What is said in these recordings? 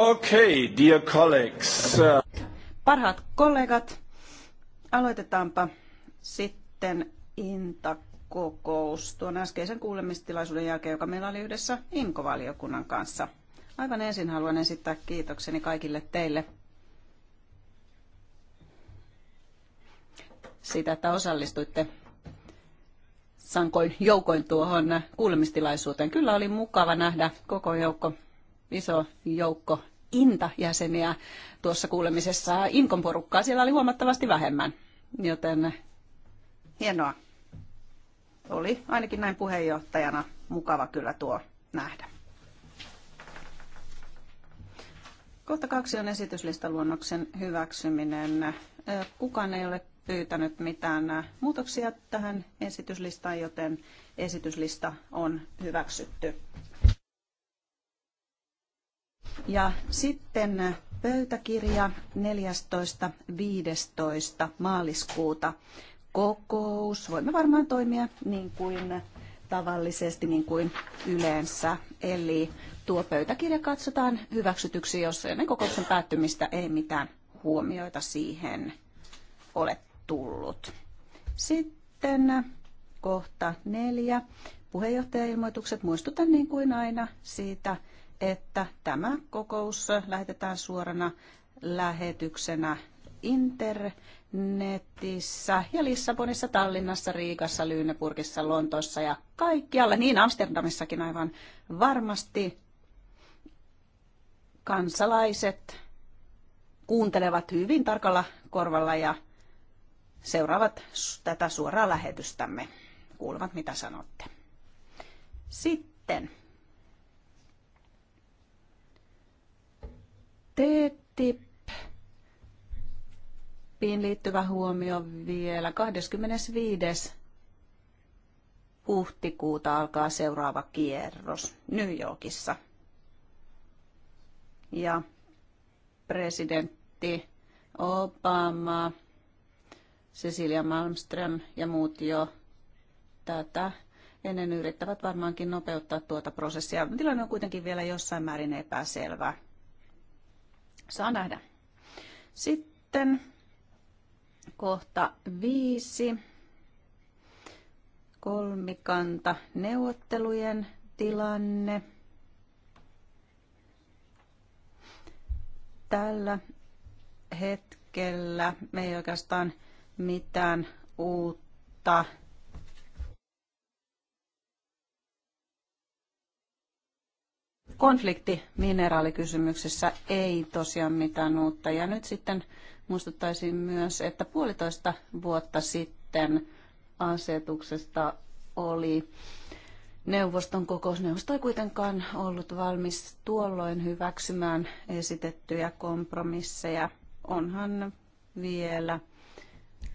Okay, dear colleagues. Uh, Parhaat kollegat, aloitetaanpa sitten Inta-kokous tuon äskeisen kuulemistilaisuuden jälkeen, joka meillä oli yhdessä Inkovaliokunnan kanssa. Aivan ensin haluan esittää kiitokseni kaikille teille siitä, että osallistuitte sankoin joukoin tuohon kuulemistilaisuuteen. Kyllä oli mukava nähdä koko joukko, iso joukko INTA-jäseniä tuossa kuulemisessa. Inkon porukkaa siellä oli huomattavasti vähemmän, joten hienoa. Oli ainakin näin puheenjohtajana mukava kyllä tuo nähdä. Kohta kaksi on esityslistaluonnoksen hyväksyminen. Kukaan ei ole pyytänyt mitään muutoksia tähän esityslistaan, joten esityslista on hyväksytty. Ja sitten pöytäkirja 14.15. maaliskuuta kokous. Voimme varmaan toimia niin kuin tavallisesti, niin kuin yleensä. Eli tuo pöytäkirja katsotaan hyväksytyksi, jos ennen kokouksen päättymistä ei mitään huomioita siihen ole tullut. Sitten kohta neljä. Puheenjohtajailmoitukset. Muistutan niin kuin aina siitä, että tämä kokous lähetetään suorana lähetyksenä internetissä ja Lissabonissa, Tallinnassa, Riikassa, Lyynepurkissa, Lontoossa ja kaikkialla, niin Amsterdamissakin aivan varmasti kansalaiset kuuntelevat hyvin tarkalla korvalla ja seuraavat tätä suoraa lähetystämme, kuulevat mitä sanotte. Sitten Piin liittyvä huomio vielä. 25. huhtikuuta alkaa seuraava kierros New Yorkissa. Ja presidentti Obama, Cecilia Malmström ja muut jo tätä ennen yrittävät varmaankin nopeuttaa tuota prosessia. Tilanne on kuitenkin vielä jossain määrin epäselvä. Saa nähdä. Sitten kohta viisi. Kolmikanta neuvottelujen tilanne. Tällä hetkellä me ei oikeastaan mitään uutta konflikti mineraalikysymyksessä ei tosiaan mitään uutta. Ja nyt sitten muistuttaisin myös, että puolitoista vuotta sitten asetuksesta oli neuvoston kokous. Neuvosto ei kuitenkaan ollut valmis tuolloin hyväksymään esitettyjä kompromisseja. Onhan vielä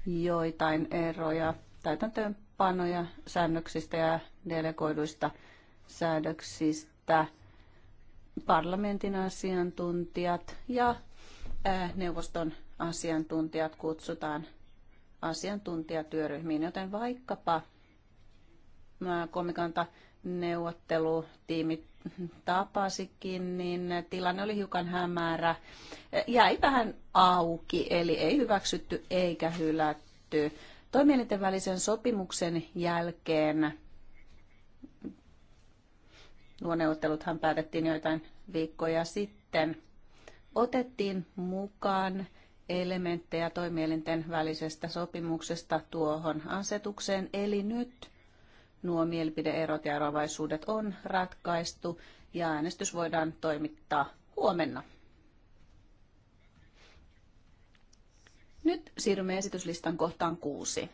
joitain eroja täytäntöönpanoja säännöksistä ja delegoiduista säädöksistä – parlamentin asiantuntijat ja neuvoston asiantuntijat kutsutaan asiantuntijatyöryhmiin, joten vaikkapa komikanta neuvottelutiimi tapasikin, niin tilanne oli hiukan hämärä. Jäi vähän auki, eli ei hyväksytty eikä hylätty. Toimielinten välisen sopimuksen jälkeen nuo neuvotteluthan päätettiin joitain viikkoja sitten, otettiin mukaan elementtejä toimielinten välisestä sopimuksesta tuohon asetukseen. Eli nyt nuo mielipideerot ja eroavaisuudet on ratkaistu ja äänestys voidaan toimittaa huomenna. Nyt siirrymme esityslistan kohtaan kuusi.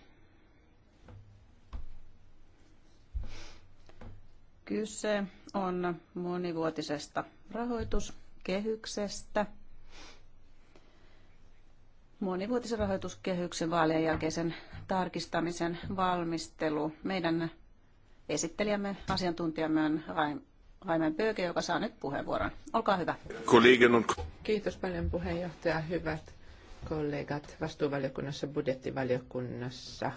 Kyse on monivuotisesta rahoituskehyksestä. Monivuotisen rahoituskehyksen vaalien jälkeisen tarkistamisen valmistelu. Meidän esittelijämme, asiantuntijamme on Raimen Pöke, joka saa nyt puheenvuoron. Olkaa hyvä. Kiitos paljon puheenjohtaja. Hyvät kollegat vastuuvaliokunnassa, budjettivaliokunnassa.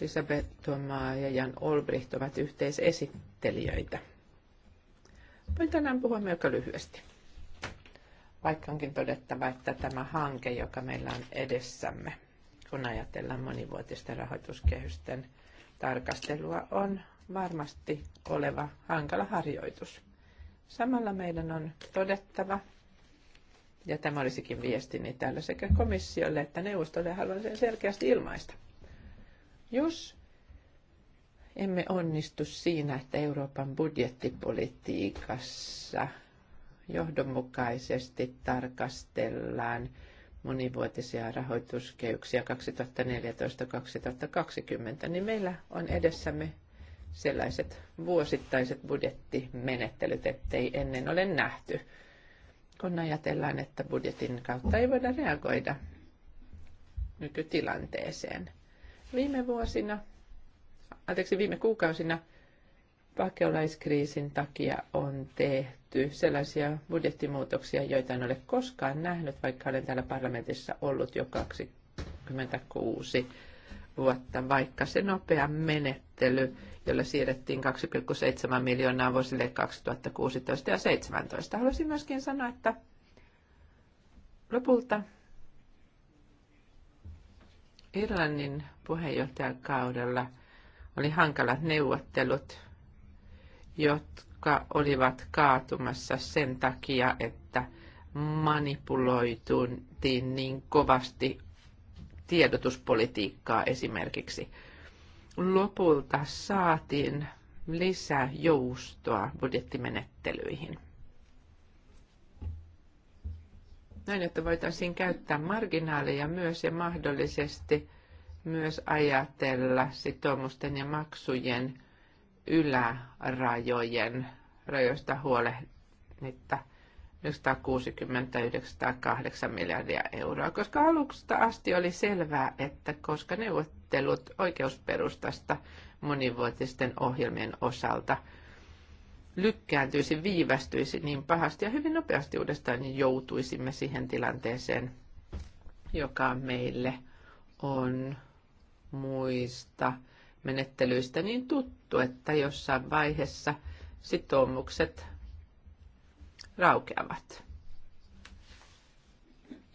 Elisabeth Tomaa ja Jan Olbricht ovat yhteisesittelijöitä. Voin tänään puhua melko lyhyesti, vaikka onkin todettava, että tämä hanke, joka meillä on edessämme, kun ajatellaan monivuotisten rahoituskehysten tarkastelua, on varmasti oleva hankala harjoitus. Samalla meidän on todettava, ja tämä olisikin viestini täällä sekä komissiolle että neuvostolle, haluan sen selkeästi ilmaista. Jos emme onnistu siinä, että Euroopan budjettipolitiikassa johdonmukaisesti tarkastellaan monivuotisia rahoituskeyksiä 2014-2020, niin meillä on edessämme sellaiset vuosittaiset budjettimenettelyt, ettei ennen ole nähty, kun ajatellaan, että budjetin kautta ei voida reagoida nykytilanteeseen. Viime vuosina anteeksi, viime kuukausina pakolaiskriisin takia on tehty sellaisia budjettimuutoksia, joita en ole koskaan nähnyt, vaikka olen täällä parlamentissa ollut jo 26 vuotta, vaikka se nopea menettely, jolla siirrettiin 2,7 miljoonaa vuosille 2016 ja 2017. Haluaisin myöskin sanoa, että lopulta Irlannin puheenjohtajakaudella – oli hankalat neuvottelut, jotka olivat kaatumassa sen takia, että manipuloituntiin niin kovasti tiedotuspolitiikkaa esimerkiksi. Lopulta saatiin lisää joustoa budjettimenettelyihin. Näin, että voitaisiin käyttää marginaaleja myös ja mahdollisesti – myös ajatella sitoumusten ja maksujen ylärajojen rajoista huolehditta 160-908 miljardia euroa, koska alusta asti oli selvää, että koska neuvottelut oikeusperustasta monivuotisten ohjelmien osalta lykkääntyisi, viivästyisi niin pahasti ja hyvin nopeasti uudestaan niin joutuisimme siihen tilanteeseen, joka meille on muista menettelyistä niin tuttu, että jossain vaiheessa sitoumukset raukeavat.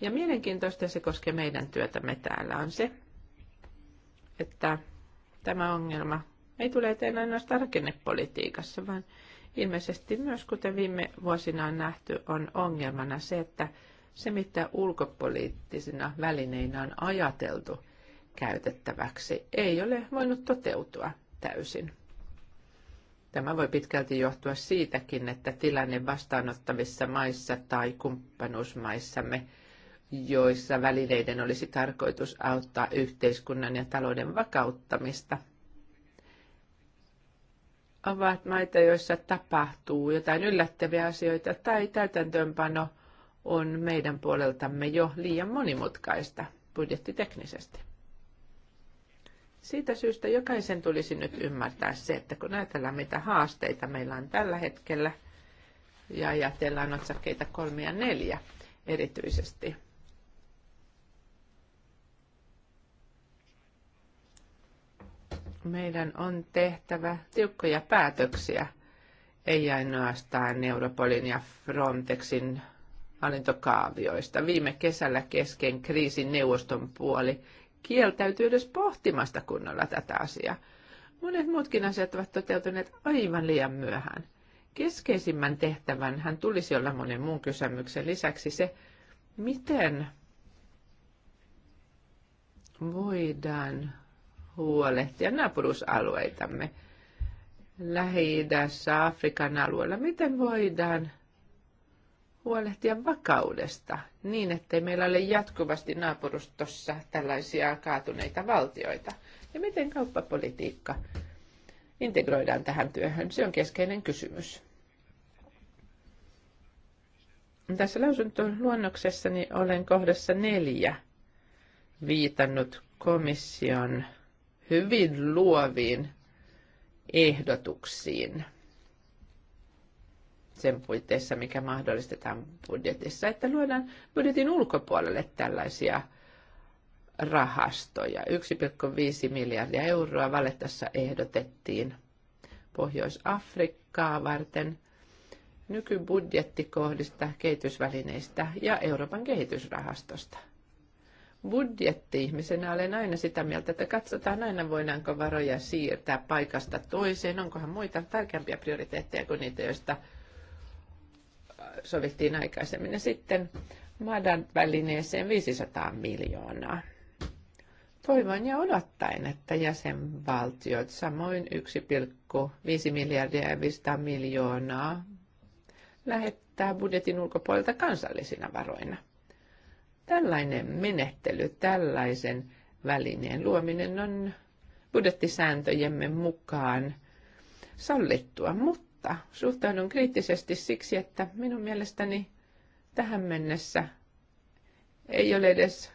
Ja mielenkiintoista se koskee meidän työtämme täällä on se, että tämä ongelma ei tule eteen ainoastaan rakennepolitiikassa, vaan ilmeisesti myös, kuten viime vuosina on nähty, on ongelmana se, että se, mitä ulkopoliittisina välineinä on ajateltu, käytettäväksi ei ole voinut toteutua täysin. Tämä voi pitkälti johtua siitäkin, että tilanne vastaanottavissa maissa tai kumppanuusmaissamme, joissa välineiden olisi tarkoitus auttaa yhteiskunnan ja talouden vakauttamista, ovat maita, joissa tapahtuu jotain yllättäviä asioita tai täytäntöönpano on meidän puoleltamme jo liian monimutkaista budjettiteknisesti. Siitä syystä jokaisen tulisi nyt ymmärtää se, että kun ajatellaan mitä haasteita meillä on tällä hetkellä ja ajatellaan otsakkeita kolme ja neljä erityisesti, meidän on tehtävä tiukkoja päätöksiä, ei ainoastaan Europolin ja Frontexin hallintokaavioista. Viime kesällä kesken kriisin neuvoston puoli – kieltäytyy edes pohtimasta kunnolla tätä asiaa. Monet muutkin asiat ovat toteutuneet aivan liian myöhään. Keskeisimmän tehtävän hän tulisi olla monen muun kysymyksen lisäksi se, miten voidaan huolehtia naapurusalueitamme Lähi-idässä, Afrikan alueella, miten voidaan huolehtia vakaudesta niin, ettei meillä ole jatkuvasti naapurustossa tällaisia kaatuneita valtioita. Ja miten kauppapolitiikka integroidaan tähän työhön? Se on keskeinen kysymys. Tässä lausuntoon luonnoksessani olen kohdassa neljä viitannut komission hyvin luoviin ehdotuksiin – sen puitteissa, mikä mahdollistetaan budjetissa, että luodaan budjetin ulkopuolelle tällaisia rahastoja. 1,5 miljardia euroa Valettassa ehdotettiin Pohjois-Afrikkaa varten nykybudjettikohdista, kehitysvälineistä ja Euroopan kehitysrahastosta. Budjetti-ihmisenä olen aina sitä mieltä, että katsotaan aina voidaanko varoja siirtää paikasta toiseen, onkohan muita tärkeämpiä prioriteetteja kuin niitä, joista sovittiin aikaisemmin. Ja sitten Madan välineeseen 500 miljoonaa. Toivon ja odottaen, että jäsenvaltiot samoin 1,5 miljardia ja 500 miljoonaa lähettää budjetin ulkopuolelta kansallisina varoina. Tällainen menettely, tällaisen välineen luominen on budjettisääntöjemme mukaan sallittua, mutta vastaa. Suhtaudun kriittisesti siksi, että minun mielestäni tähän mennessä ei ole edes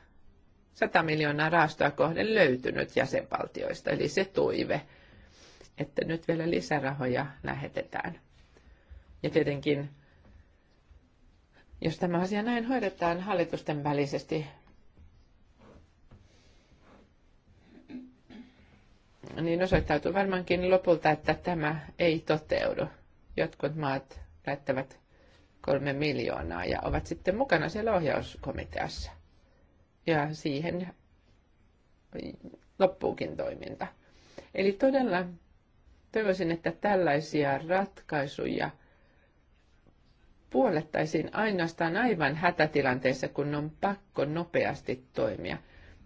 100 miljoonaa raastoa kohden löytynyt jäsenvaltioista, eli se toive, että nyt vielä lisärahoja lähetetään. Ja tietenkin, jos tämä asia näin hoidetaan hallitusten välisesti, niin osoittautuu varmaankin lopulta, että tämä ei toteudu. Jotkut maat lähettävät kolme miljoonaa ja ovat sitten mukana siellä ohjauskomiteassa. Ja siihen loppuukin toiminta. Eli todella toivoisin, että tällaisia ratkaisuja puolettaisiin ainoastaan aivan hätätilanteessa, kun on pakko nopeasti toimia.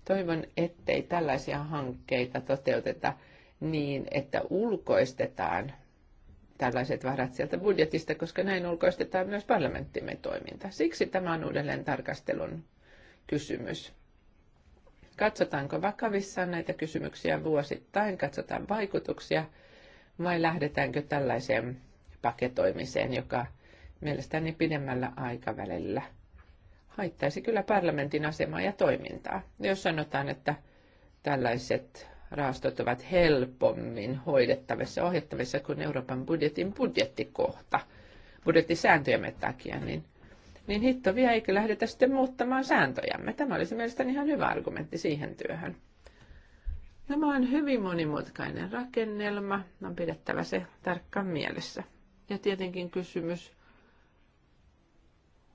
Toivon, ettei tällaisia hankkeita toteuteta niin, että ulkoistetaan tällaiset varat sieltä budjetista, koska näin ulkoistetaan myös parlamenttimme toiminta. Siksi tämä on uudelleen tarkastelun kysymys. Katsotaanko vakavissaan näitä kysymyksiä vuosittain, katsotaan vaikutuksia vai lähdetäänkö tällaiseen paketoimiseen, joka mielestäni pidemmällä aikavälillä haittaisi kyllä parlamentin asemaa ja toimintaa. Jos sanotaan, että tällaiset rahastot ovat helpommin hoidettavissa, ohjattavissa kuin Euroopan budjetin budjettikohta, budjettisääntöjämme takia, niin, niin vielä eikö lähdetä sitten muuttamaan sääntöjämme. Tämä olisi mielestäni ihan hyvä argumentti siihen työhön. Tämä on hyvin monimutkainen rakennelma, on pidettävä se tarkkaan mielessä. Ja tietenkin kysymys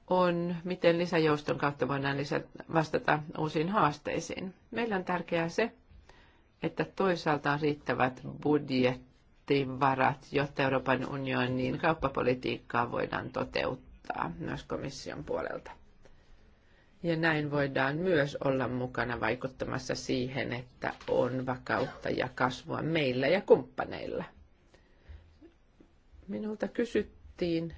on, miten lisäjouston kautta voidaan lisä, vastata uusiin haasteisiin. Meillä on tärkeää se, että toisaalta on riittävät budjettivarat, jotta Euroopan unionin kauppapolitiikkaa voidaan toteuttaa myös komission puolelta. Ja näin voidaan myös olla mukana vaikuttamassa siihen, että on vakautta ja kasvua meillä ja kumppaneilla. Minulta kysyttiin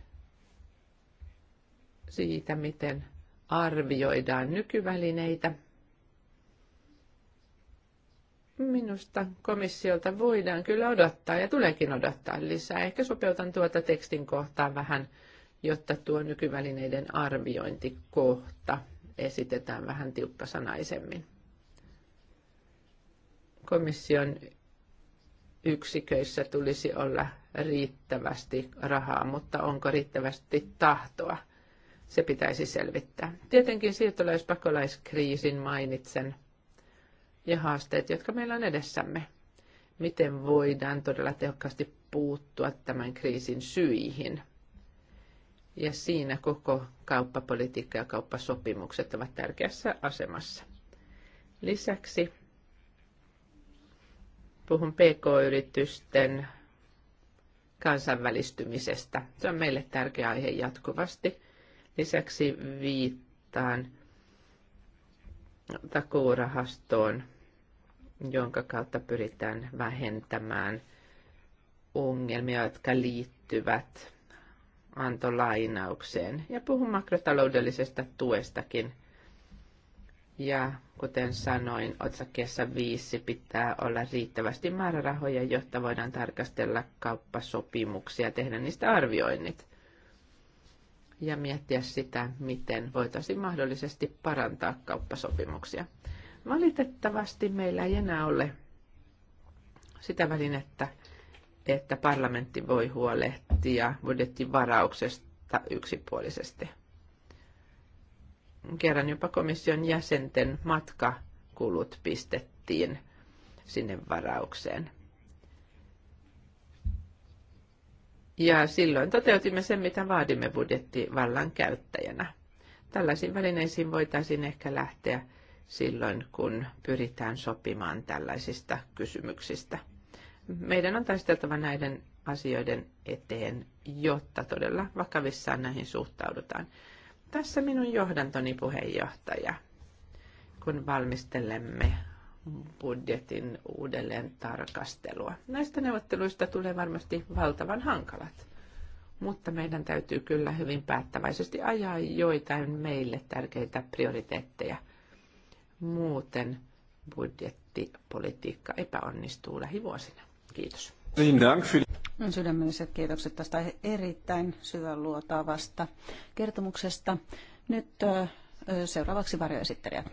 siitä, miten arvioidaan nykyvälineitä Minusta komissiolta voidaan kyllä odottaa ja tuleekin odottaa lisää. Ehkä sopeutan tuota tekstin kohtaa vähän, jotta tuo nykyvälineiden arviointikohta esitetään vähän tiukkasanaisemmin. Komission yksiköissä tulisi olla riittävästi rahaa, mutta onko riittävästi tahtoa? Se pitäisi selvittää. Tietenkin siirtolaispakolaiskriisin mainitsen – ja haasteet, jotka meillä on edessämme. Miten voidaan todella tehokkaasti puuttua tämän kriisin syihin? Ja siinä koko kauppapolitiikka ja kauppasopimukset ovat tärkeässä asemassa. Lisäksi puhun pk-yritysten kansainvälistymisestä. Se on meille tärkeä aihe jatkuvasti. Lisäksi viittaan takuurahastoon jonka kautta pyritään vähentämään ongelmia, jotka liittyvät antolainaukseen. Ja puhun makrotaloudellisesta tuestakin. Ja kuten sanoin, otsakkeessa 5 pitää olla riittävästi määrärahoja, jotta voidaan tarkastella kauppasopimuksia, tehdä niistä arvioinnit ja miettiä sitä, miten voitaisiin mahdollisesti parantaa kauppasopimuksia. Valitettavasti meillä ei enää ole sitä välinettä, että parlamentti voi huolehtia budjettivarauksesta yksipuolisesti. Kerran jopa komission jäsenten matkakulut pistettiin sinne varaukseen. Ja silloin toteutimme sen, mitä vaadimme budjettivallan käyttäjänä. Tällaisiin välineisiin voitaisiin ehkä lähteä silloin, kun pyritään sopimaan tällaisista kysymyksistä. Meidän on taisteltava näiden asioiden eteen, jotta todella vakavissaan näihin suhtaudutaan. Tässä minun johdantoni puheenjohtaja, kun valmistelemme budjetin uudelleen tarkastelua. Näistä neuvotteluista tulee varmasti valtavan hankalat, mutta meidän täytyy kyllä hyvin päättäväisesti ajaa joitain meille tärkeitä prioriteetteja – Muuten budjettipolitiikka epäonnistuu lähivuosina. Kiitos. Sydämelliset kiitokset tästä erittäin syvän luotaavasta kertomuksesta. Nyt seuraavaksi varjoesittelijät.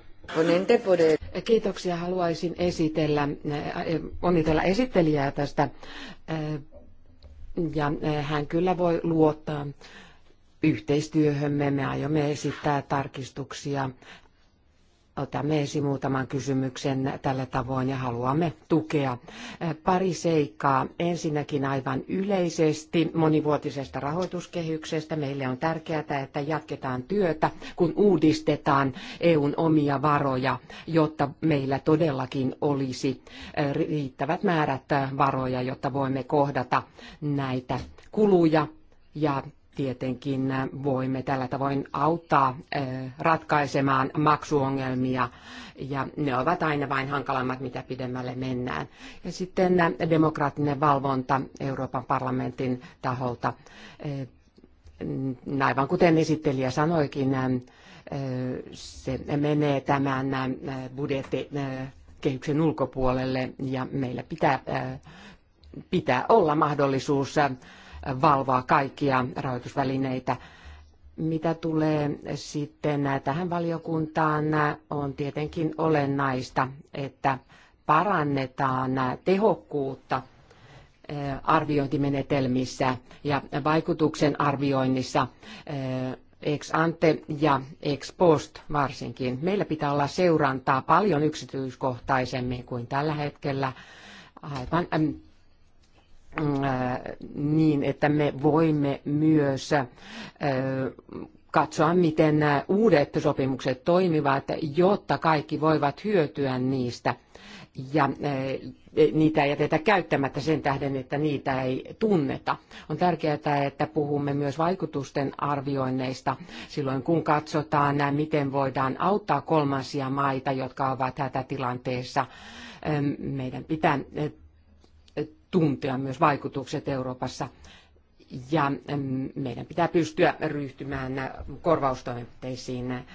Kiitoksia. Haluaisin esitellä, onnitella esittelijää tästä. Ja hän kyllä voi luottaa yhteistyöhömme. Me aiomme esittää tarkistuksia Otamme esiin muutaman kysymyksen tällä tavoin ja haluamme tukea. Äh, pari seikkaa. Ensinnäkin aivan yleisesti monivuotisesta rahoituskehyksestä. Meille on tärkeää, että jatketaan työtä, kun uudistetaan EUn omia varoja, jotta meillä todellakin olisi äh, riittävät määrät varoja, jotta voimme kohdata näitä kuluja ja tietenkin voimme tällä tavoin auttaa eh, ratkaisemaan maksuongelmia ja ne ovat aina vain hankalammat, mitä pidemmälle mennään. Ja sitten eh, demokraattinen valvonta Euroopan parlamentin taholta. Eh, aivan kuten esittelijä sanoikin, se menee tämän budjettikehyksen ulkopuolelle ja meillä pitää, pitää olla mahdollisuus valvoa kaikkia rahoitusvälineitä. Mitä tulee sitten tähän valiokuntaan, on tietenkin olennaista, että parannetaan tehokkuutta eh, arviointimenetelmissä ja vaikutuksen arvioinnissa eh, ex ante ja ex post varsinkin. Meillä pitää olla seurantaa paljon yksityiskohtaisemmin kuin tällä hetkellä aivan Äh, niin, että me voimme myös äh, katsoa, miten nämä äh, uudet sopimukset toimivat, jotta kaikki voivat hyötyä niistä ja e, niitä ei jätetä käyttämättä sen tähden, että niitä ei tunneta. On tärkeää, että puhumme myös vaikutusten arvioinneista silloin, kun katsotaan, miten voidaan auttaa kolmansia maita, jotka ovat hätätilanteessa. Meidän pitää tuntea myös vaikutukset Euroopassa ja meidän pitää pystyä ryhtymään korvaustoimenpiteisiin eh,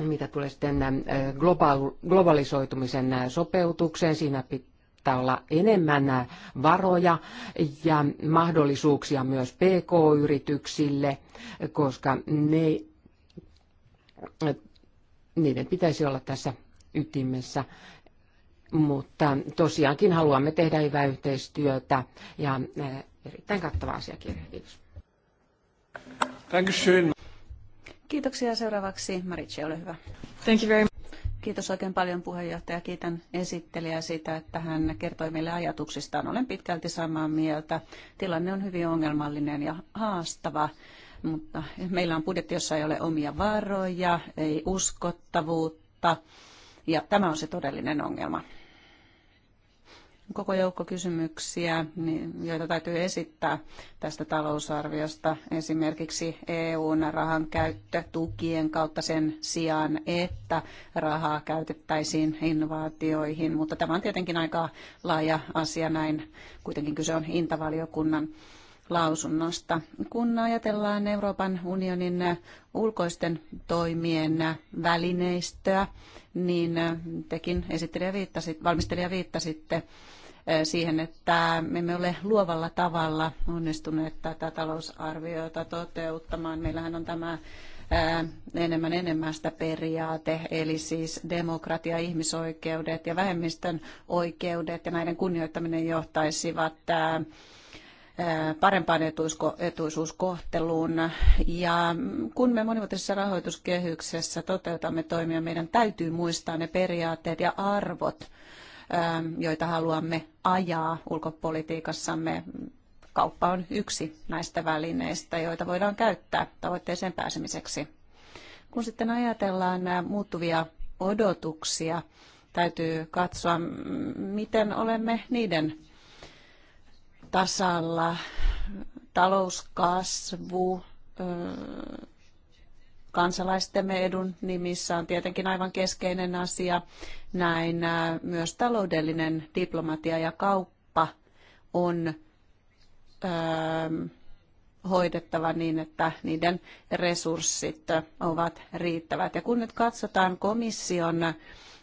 mitä tulee sitten eh, globalisoitumisen eh, sopeutukseen, siinä pitää olla enemmän varoja ja mahdollisuuksia myös PK-yrityksille, koska ne, niiden pitäisi olla tässä ytimessä mutta tosiaankin haluamme tehdä hyvää yhteistyötä ja eh, erittäin kattava asiakirja. Kiitos. Kiitoksia. Seuraavaksi Maritse, ole hyvä. Thank you very much. Kiitos oikein paljon puheenjohtaja. Kiitän esittelijää siitä, että hän kertoi meille ajatuksistaan. Olen pitkälti samaa mieltä. Tilanne on hyvin ongelmallinen ja haastava mutta meillä on budjetti, jossa ei ole omia varoja, ei uskottavuutta ja tämä on se todellinen ongelma koko joukko kysymyksiä, niin, joita täytyy esittää tästä talousarviosta. Esimerkiksi EUn rahan käyttö tukien kautta sen sijaan, että rahaa käytettäisiin innovaatioihin. Mutta tämä on tietenkin aika laaja asia näin. Kuitenkin kyse on intavaliokunnan lausunnosta. Kun ajatellaan Euroopan unionin ulkoisten toimien välineistöä, niin tekin esittelijä viittasit, valmistelija viittasitte siihen, että me emme ole luovalla tavalla onnistuneet tätä talousarviota toteuttamaan. Meillähän on tämä enemmän enemmästä periaate, eli siis demokratia, ihmisoikeudet ja vähemmistön oikeudet ja näiden kunnioittaminen johtaisivat parempaan etuisko, etuisuuskohteluun. Ja kun me monivuotisessa rahoituskehyksessä toteutamme toimia, meidän täytyy muistaa ne periaatteet ja arvot, Ähm, joita haluamme ajaa ulkopolitiikassamme. Kauppa on yksi näistä välineistä, joita voidaan käyttää tavoitteeseen pääsemiseksi. Kun sitten ajatellaan nämä äh, muuttuvia odotuksia, täytyy katsoa, miten olemme niiden tasalla. Talouskasvu, kansalaistemme edun nimissä on tietenkin aivan keskeinen asia. Näin äh, myös taloudellinen diplomatia ja kauppa on ähm, hoidettava niin, että niiden resurssit ovat riittävät. Ja kun nyt katsotaan komission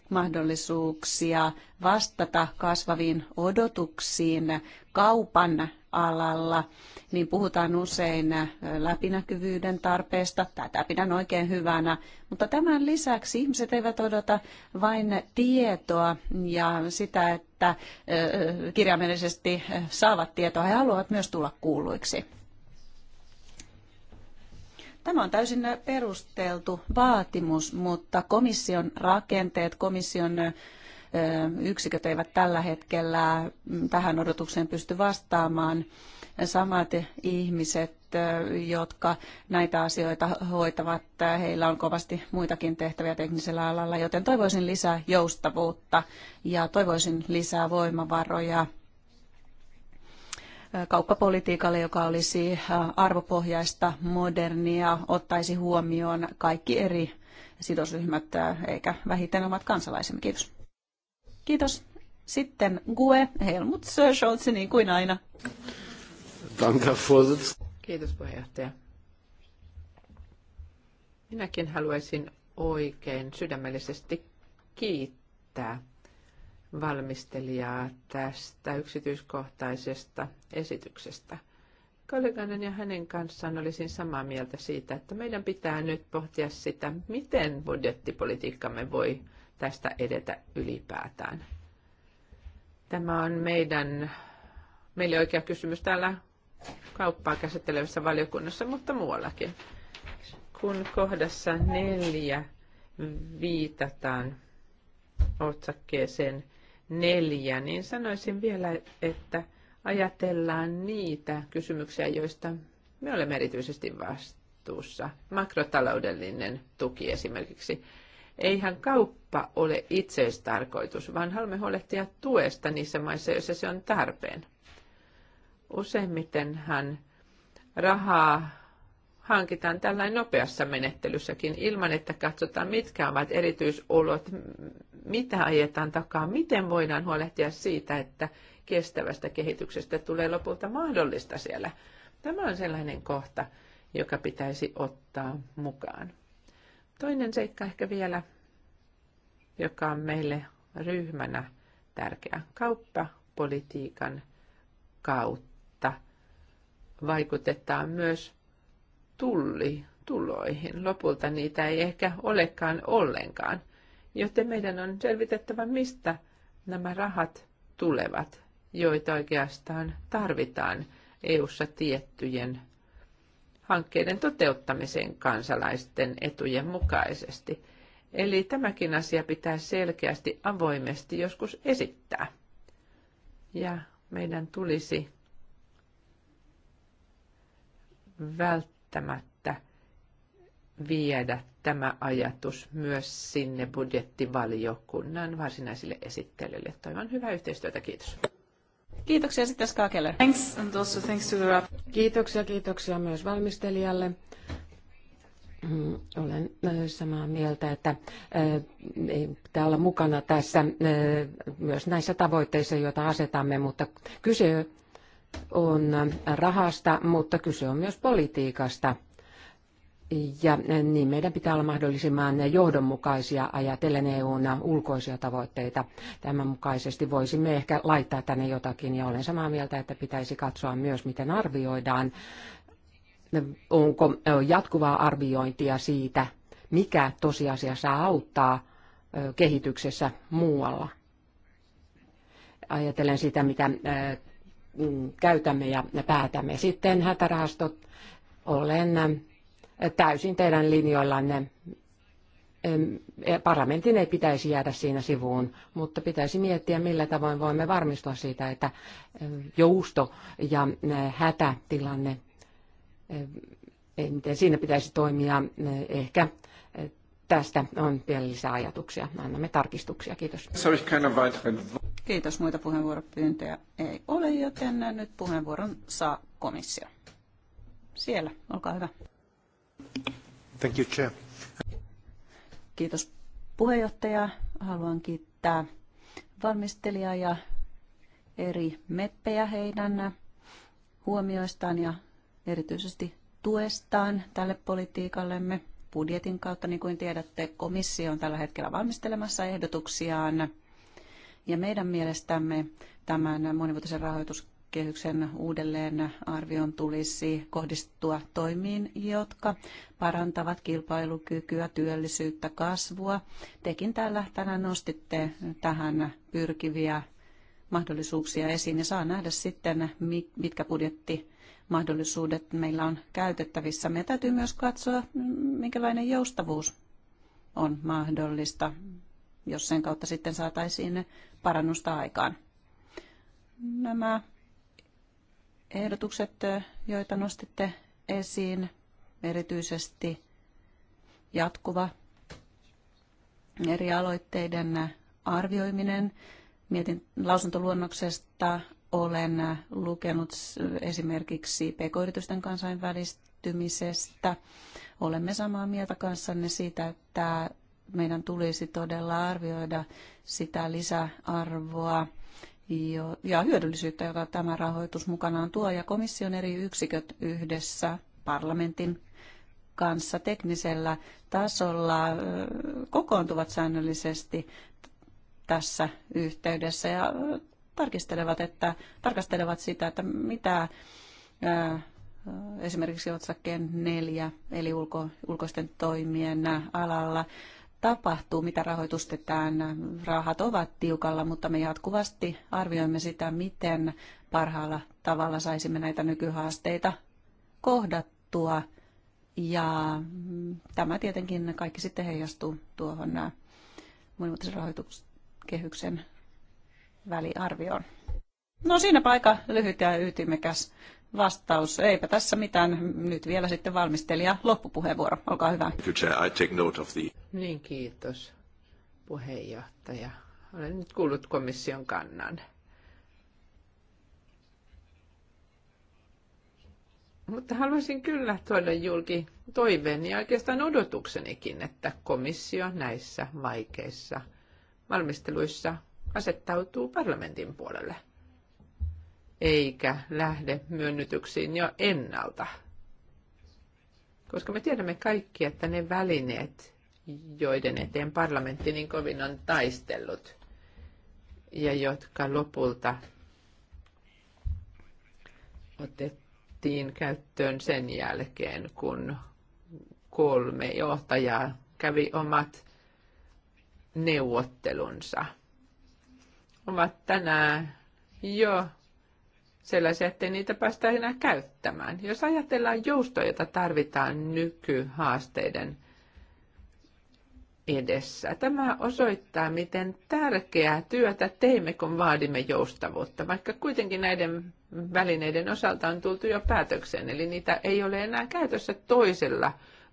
mahdollisuuksia vastata kasvaviin odotuksiin kaupan alalla, niin puhutaan usein äh, läpinäkyvyyden tarpeesta. Tätä pidän oikein hyvänä, mutta tämän lisäksi ihmiset eivät odota vain tietoa ja sitä, että äh, kirjaimellisesti äh, saavat tietoa. He haluavat myös tulla kuuluiksi. Tämä on täysin perusteltu vaatimus, mutta komission rakenteet, komission yksiköt eivät tällä hetkellä mm, tähän odotukseen pysty vastaamaan. Samat ihmiset, jotka näitä asioita hoitavat, heillä on kovasti muitakin tehtäviä teknisellä alalla, joten toivoisin lisää joustavuutta ja toivoisin lisää voimavaroja kauppapolitiikalle, joka olisi arvopohjaista, modernia, ottaisi huomioon kaikki eri sidosryhmät, eikä vähiten omat kansalaisemme. Kiitos. Kiitos. Sitten Gue Helmut Scholz, niin kuin aina. Danke, Kiitos puheenjohtaja. Minäkin haluaisin oikein sydämellisesti kiittää valmistelijaa tästä yksityiskohtaisesta esityksestä. Kolleganen ja hänen kanssaan olisin samaa mieltä siitä, että meidän pitää nyt pohtia sitä, miten budjettipolitiikkamme voi tästä edetä ylipäätään. Tämä on meidän, meille oikea kysymys täällä kauppaa käsittelevässä valiokunnassa, mutta muuallakin. Kun kohdassa neljä viitataan otsakkeeseen neljä, niin sanoisin vielä, että ajatellaan niitä kysymyksiä, joista me olemme erityisesti vastuussa. Makrotaloudellinen tuki esimerkiksi Eihän kauppa ole itseistarkoitus, vaan haluamme huolehtia tuesta niissä maissa, joissa se on tarpeen. Useimmitenhan rahaa hankitaan tällainen nopeassa menettelyssäkin ilman, että katsotaan, mitkä ovat erityisolot, mitä ajetaan takaa, miten voidaan huolehtia siitä, että kestävästä kehityksestä tulee lopulta mahdollista siellä. Tämä on sellainen kohta, joka pitäisi ottaa mukaan. Toinen seikka ehkä vielä, joka on meille ryhmänä tärkeä. Kauppapolitiikan kautta vaikutetaan myös tulli tuloihin. Lopulta niitä ei ehkä olekaan ollenkaan, joten meidän on selvitettävä, mistä nämä rahat tulevat, joita oikeastaan tarvitaan EU-ssa tiettyjen hankkeiden toteuttamiseen kansalaisten etujen mukaisesti. Eli tämäkin asia pitää selkeästi avoimesti joskus esittää. Ja meidän tulisi välttämättä viedä tämä ajatus myös sinne budjettivaliokunnan varsinaisille esittelylle. Toivon hyvää yhteistyötä. Kiitos. Kiitoksia sitten Skakelle. Thanks and also thanks to the Kiitoksia, kiitoksia myös valmistelijalle. Mm, olen samaa mieltä, että pitää olla mukana tässä myös näissä tavoitteissa, joita asetamme, mutta kyse on rahasta, mutta kyse on myös politiikasta. Ja eh, niin meidän pitää olla mahdollisimman johdonmukaisia ajatellen EUn ulkoisia tavoitteita. Tämän mukaisesti voisimme ehkä laittaa tänne jotakin ja olen samaa mieltä, että pitäisi katsoa myös, miten arvioidaan, onko eh, jatkuvaa arviointia siitä, mikä tosiasiassa auttaa eh, kehityksessä muualla. Ajatellen sitä, mitä mm, käytämme ja päätämme. Sitten hätärahastot. Olen täysin teidän linjoillanne. E, parlamentin ei pitäisi jäädä siinä sivuun, mutta pitäisi miettiä, millä tavoin voimme varmistua siitä, että jousto ja e, hätätilanne, miten siinä pitäisi toimia. E, ehkä tästä on vielä lisää ajatuksia. Annamme tarkistuksia. Kiitos. Kiitos. Muita puheenvuoropyyntöjä ei ole, joten nyt puheenvuoron saa komissio. Siellä, olkaa hyvä. Thank you, Chair. Kiitos puheenjohtaja. Haluan kiittää valmistelijaa ja eri meppejä heidän huomioistaan ja erityisesti tuestaan tälle politiikallemme budjetin kautta. Niin kuin tiedätte, komissio on tällä hetkellä valmistelemassa ehdotuksiaan. Ja meidän mielestämme tämän monivuotisen rahoitus kehyksen uudelleen arvion tulisi kohdistua toimiin, jotka parantavat kilpailukykyä, työllisyyttä, kasvua. Tekin täällä tänään nostitte tähän pyrkiviä mahdollisuuksia esiin ja saa nähdä sitten, mitkä budjetti mahdollisuudet meillä on käytettävissä. Me täytyy myös katsoa, minkälainen joustavuus on mahdollista, jos sen kautta sitten saataisiin parannusta aikaan. Nämä ehdotukset, eh, joita nostitte esiin, erityisesti jatkuva eri aloitteiden eh, arvioiminen. Mietin lausuntoluonnoksesta olen eh, lukenut esimerkiksi pk-yritysten kansainvälistymisestä. Olemme samaa mieltä kanssanne siitä, että meidän tulisi todella arvioida sitä lisäarvoa, ja hyödyllisyyttä, jota tämä rahoitus mukanaan tuo. Ja komission eri yksiköt yhdessä parlamentin kanssa teknisellä tasolla kokoontuvat säännöllisesti tässä yhteydessä ja tarkistelevat, että, tarkastelevat sitä, että mitä esimerkiksi otsakkeen neljä, eli ulko, ulkoisten toimien alalla tapahtuu, mitä rahoitustetaan. Rahat ovat tiukalla, mutta me jatkuvasti arvioimme sitä, miten parhaalla tavalla saisimme näitä nykyhaasteita kohdattua. Ja mm, tämä tietenkin kaikki sitten heijastuu tuohon äh, monimuotoisen rahoituskehyksen väliarvioon. No siinäpä aika lyhyt ja ytimekäs vastaus. Eipä tässä mitään. Nyt vielä sitten valmistelija loppupuheenvuoro. Olkaa hyvä. I take note of the... Niin, kiitos puheenjohtaja. Olen nyt kuullut komission kannan. Mutta haluaisin kyllä tuoda julki toiveen ja oikeastaan odotuksenikin, että komissio näissä vaikeissa valmisteluissa asettautuu parlamentin puolelle eikä lähde myönnytyksiin jo ennalta. Koska me tiedämme kaikki, että ne välineet, joiden eteen parlamentti niin kovin on taistellut, ja jotka lopulta otettiin käyttöön sen jälkeen, kun kolme johtajaa kävi omat neuvottelunsa, ovat tänään jo sellaisia, ettei niitä päästä enää käyttämään. Jos ajatellaan joustoa, jota tarvitaan nykyhaasteiden edessä. Tämä osoittaa, miten tärkeää työtä teimme, kun vaadimme joustavuutta, vaikka kuitenkin näiden välineiden osalta on tultu jo päätökseen, eli niitä ei ole enää käytössä toisella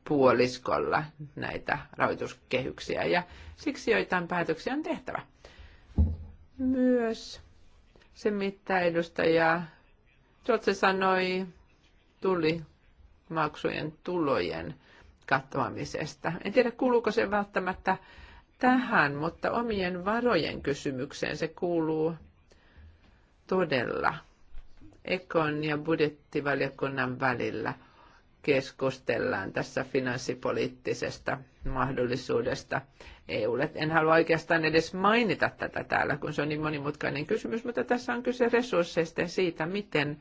puoliskolla näitä rahoituskehyksiä, ja siksi joitain päätöksiä on tehtävä. Myös se, mitä edustaja Tuotse sanoi tuli maksujen tulojen kattamisesta. En tiedä, kuuluuko se välttämättä tähän, mutta omien varojen kysymykseen se kuuluu todella ekon ja budjettivaliokunnan välillä keskustellaan tässä finanssipoliittisesta mahdollisuudesta EUlle. En halua oikeastaan edes mainita tätä täällä, kun se on niin monimutkainen kysymys, mutta tässä on kyse resursseista ja siitä, miten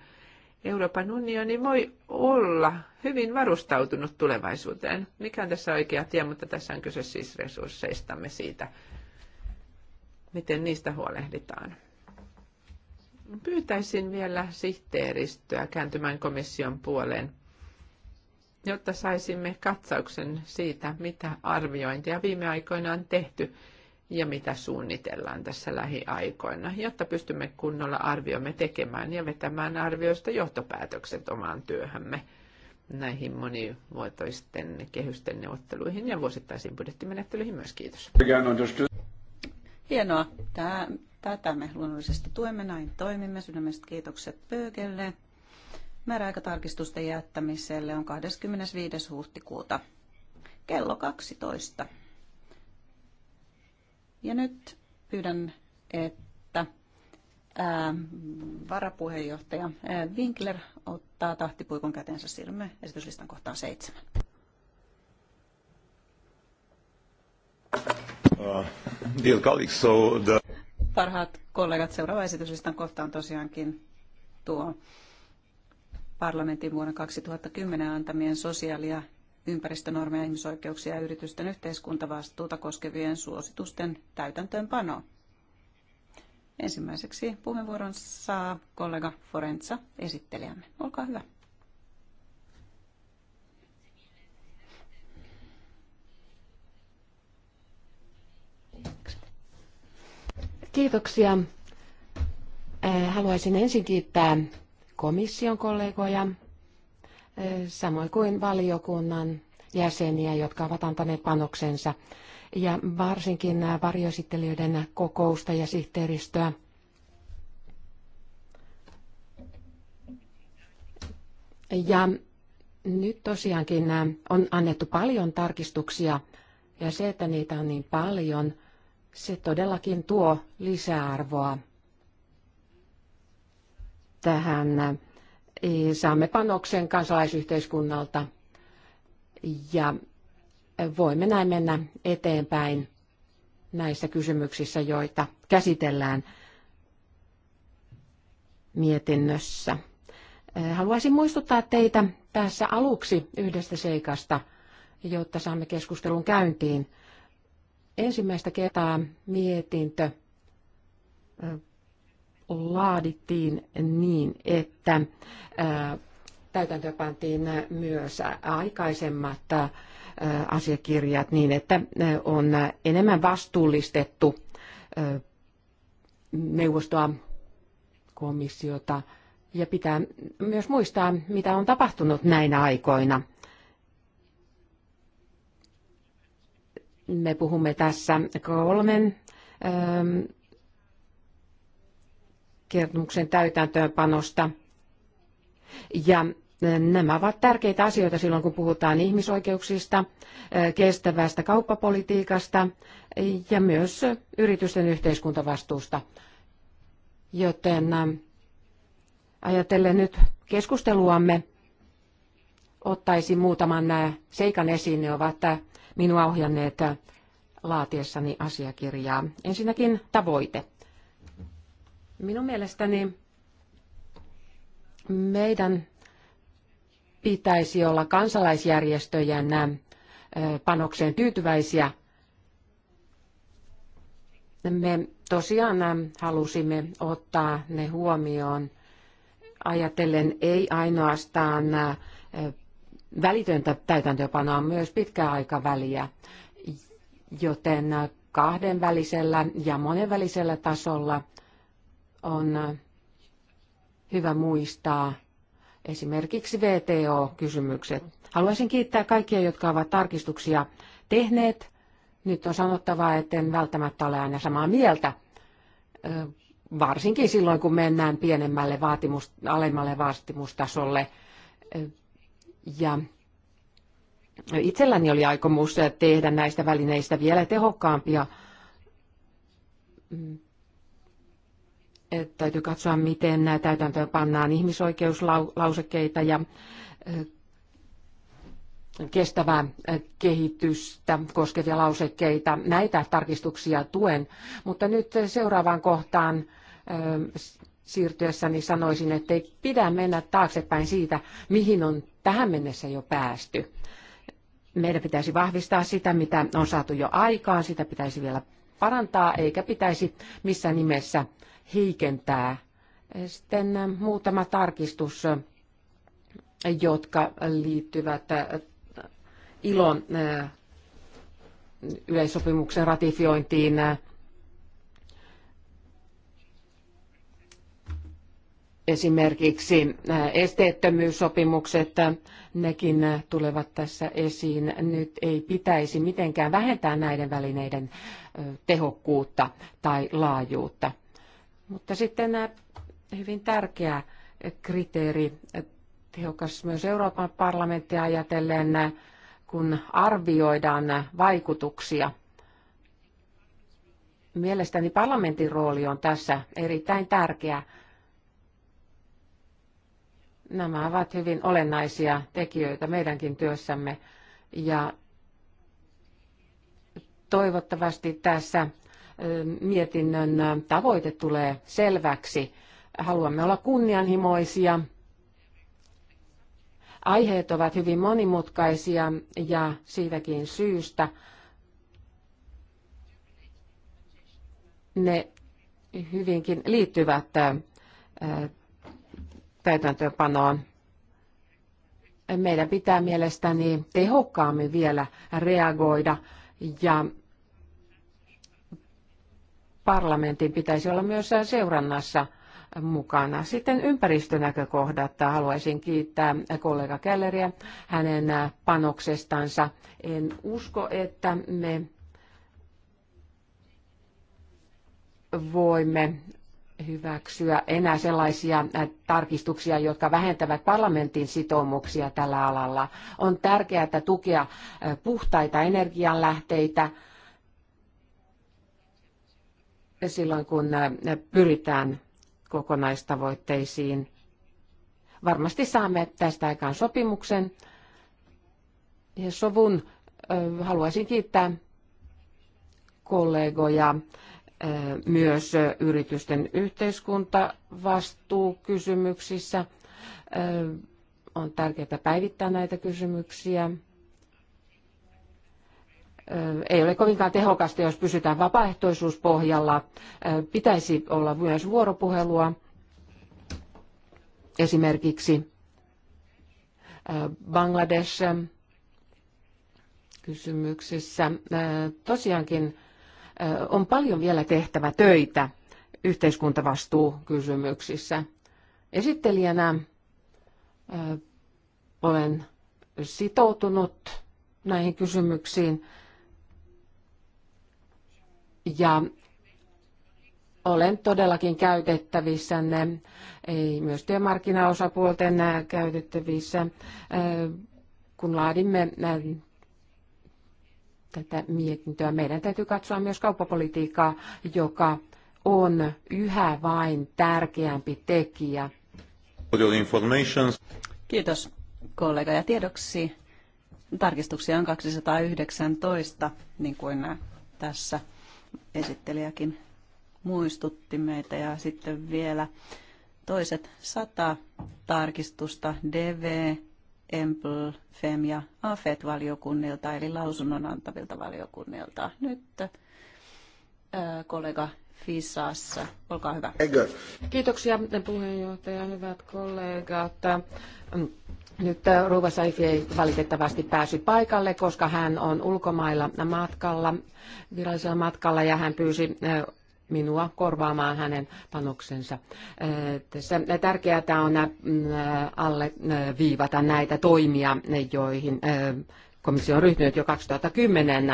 Euroopan unioni voi olla hyvin varustautunut tulevaisuuteen. Mikä on tässä oikea tie, mutta tässä on kyse siis resursseistamme siitä, miten niistä huolehditaan. Pyytäisin vielä sihteeristöä kääntymään komission puoleen jotta saisimme katsauksen siitä, mitä arviointia viime aikoina on tehty ja mitä suunnitellaan tässä lähiaikoina, jotta pystymme kunnolla arviomme tekemään ja vetämään arvioista johtopäätökset omaan työhömme näihin monivuotoisten kehysten neuvotteluihin ja vuosittaisiin budjettimenettelyihin myös. Kiitos. Hienoa. Tämä, tätä me luonnollisesti tuemme, näin toimimme. Sydämestä kiitokset Pöökelle. Määräaikatarkistusten jättämiselle on 25. huhtikuuta kello 12. Ja nyt pyydän, että ää, ähm, varapuheenjohtaja ää, äh, Winkler ottaa tahtipuikon käteensä. Siirrymme esityslistan kohtaan seitsemän. Uh, colleagues, so the... Parhaat kollegat, seuraava esityslistan kohta on tosiaankin tuo parlamentin vuonna 2010 antamien sosiaali- ja ympäristönormeja, ihmisoikeuksia ja yritysten yhteiskuntavastuuta koskevien suositusten täytäntöönpano. Ensimmäiseksi puheenvuoron saa kollega Forenza esittelijämme. Olkaa hyvä. Kiitoksia. Äh, haluaisin ensin kiittää komission kollegoja, eh, samoin kuin valiokunnan jäseniä, jotka ovat antaneet panoksensa, ja varsinkin varjoesittelijöiden kokousta ja sihteeristöä. Ja nyt tosiaankin eh, on annettu paljon tarkistuksia, ja se, että niitä on niin paljon, se todellakin tuo lisäarvoa tähän e, saamme panoksen kansalaisyhteiskunnalta ja voimme näin mennä eteenpäin näissä kysymyksissä, joita käsitellään mietinnössä. E, haluaisin muistuttaa teitä tässä aluksi yhdestä seikasta, jotta saamme keskustelun käyntiin. Ensimmäistä kertaa mietintö e, laadittiin niin, että täytäntöön pantiin myös aikaisemmat asiakirjat niin, että on enemmän vastuullistettu neuvostoa, komissiota ja pitää myös muistaa, mitä on tapahtunut näinä aikoina. Me puhumme tässä kolmen kertomuksen täytäntöönpanosta. Ja e, Nämä ovat tärkeitä asioita silloin, kun puhutaan ihmisoikeuksista, e, kestävästä kauppapolitiikasta ja myös yritysten yhteiskuntavastuusta. Joten e, ajatellen nyt keskusteluamme, ottaisin muutaman seikan esiin. Ne ovat minua ohjanneet laatiessani asiakirjaa. Ensinnäkin tavoite. Minun mielestäni meidän pitäisi olla kansalaisjärjestöjen panokseen tyytyväisiä. Me tosiaan halusimme ottaa ne huomioon ajatellen ei ainoastaan välitöntä täytäntöpanoa, myös pitkää aikaväliä, joten kahdenvälisellä ja monenvälisellä tasolla on äh, hyvä muistaa esimerkiksi VTO-kysymykset. Haluaisin kiittää kaikkia, jotka ovat tarkistuksia tehneet. Nyt on sanottava, että en välttämättä ole aina samaa mieltä, äh, varsinkin silloin, kun mennään pienemmälle vaatimus, alemmalle vaatimustasolle. Äh, ja itselläni oli aikomus tehdä näistä välineistä vielä tehokkaampia mm. Täytyy katsoa, miten täytäntöön pannaan ihmisoikeuslausekkeita ja kestävää kehitystä koskevia lausekkeita. Näitä tarkistuksia tuen, mutta nyt seuraavaan kohtaan siirtyessäni sanoisin, että ei pidä mennä taaksepäin siitä, mihin on tähän mennessä jo päästy. Meidän pitäisi vahvistaa sitä, mitä on saatu jo aikaan, sitä pitäisi vielä parantaa, eikä pitäisi missään nimessä heikentää. Sitten muutama tarkistus, jotka liittyvät äh, ilon äh, yleissopimuksen ratifiointiin. Esimerkiksi äh, esteettömyyssopimukset, nekin tulevat tässä esiin. Nyt ei pitäisi mitenkään vähentää näiden välineiden tehokkuutta tai laajuutta. Mutta sitten hyvin tärkeä kriteeri, tehokas myös Euroopan parlamentti ajatellen, kun arvioidaan vaikutuksia. Mielestäni parlamentin rooli on tässä erittäin tärkeä. Nämä ovat hyvin olennaisia tekijöitä meidänkin työssämme ja toivottavasti tässä mietinnön tavoite tulee selväksi. Haluamme olla kunnianhimoisia. Aiheet ovat hyvin monimutkaisia ja siitäkin syystä ne hyvinkin liittyvät täytäntöönpanoon. Meidän pitää mielestäni tehokkaammin vielä reagoida ja parlamentin pitäisi olla myös seurannassa mukana. Sitten ympäristönäkökohdat. Haluaisin kiittää kollega Källeriä hänen panoksestansa. En usko, että me voimme hyväksyä enää sellaisia tarkistuksia, jotka vähentävät parlamentin sitoumuksia tällä alalla. On tärkeää tukea puhtaita energianlähteitä, silloin, kun pyritään kokonaistavoitteisiin. Varmasti saamme tästä aikaan sopimuksen ja sovun. Haluaisin kiittää kollegoja myös yritysten yhteiskuntavastuukysymyksissä. On tärkeää päivittää näitä kysymyksiä ei ole kovinkaan tehokasta, jos pysytään vapaaehtoisuuspohjalla. Pitäisi olla myös vuoropuhelua esimerkiksi Bangladesh kysymyksissä. Tosiaankin on paljon vielä tehtävä töitä yhteiskuntavastuukysymyksissä. Esittelijänä olen sitoutunut näihin kysymyksiin ja olen todellakin käytettävissänne, ei myös työmarkkinaosapuolten äh, käytettävissä, äh, kun laadimme äh, tätä mietintöä. Meidän täytyy katsoa myös kauppapolitiikkaa, joka on yhä vain tärkeämpi tekijä. Kiitos kollega ja tiedoksi. Tarkistuksia on 219, niin kuin tässä esittelijäkin muistutti meitä. Ja sitten vielä toiset sata tarkistusta DV, Empl, FEM ja AFET-valiokunnilta, eli lausunnon antavilta valiokunnilta. Nyt ää, kollega Fisassa. Olkaa hyvä. Kiitoksia puheenjohtaja, hyvät kollegat. Nyt äh, Ruva Saifi ei valitettavasti päässyt paikalle, koska hän on ulkomailla matkalla, virallisella matkalla, ja hän pyysi äh, minua korvaamaan hänen panoksensa. Äh, tässä tärkeää on alle viivata näitä toimia, joihin komissio on ryhtynyt jo 2010.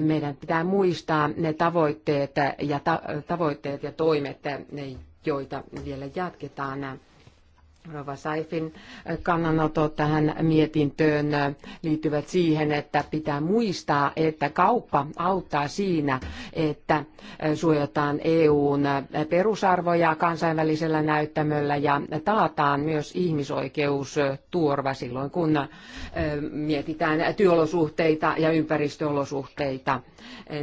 Meidän pitää muistaa ne tavoitteet ja, tavoitteet ja toimet, joita vielä jatketaan Rova Saifin kannanotot tähän mietintöön liittyvät siihen, että pitää muistaa, että kauppa auttaa siinä, että suojataan EUn perusarvoja kansainvälisellä näyttämöllä ja taataan myös ihmisoikeusturva silloin, kun mietitään työolosuhteita ja ympäristöolosuhteita.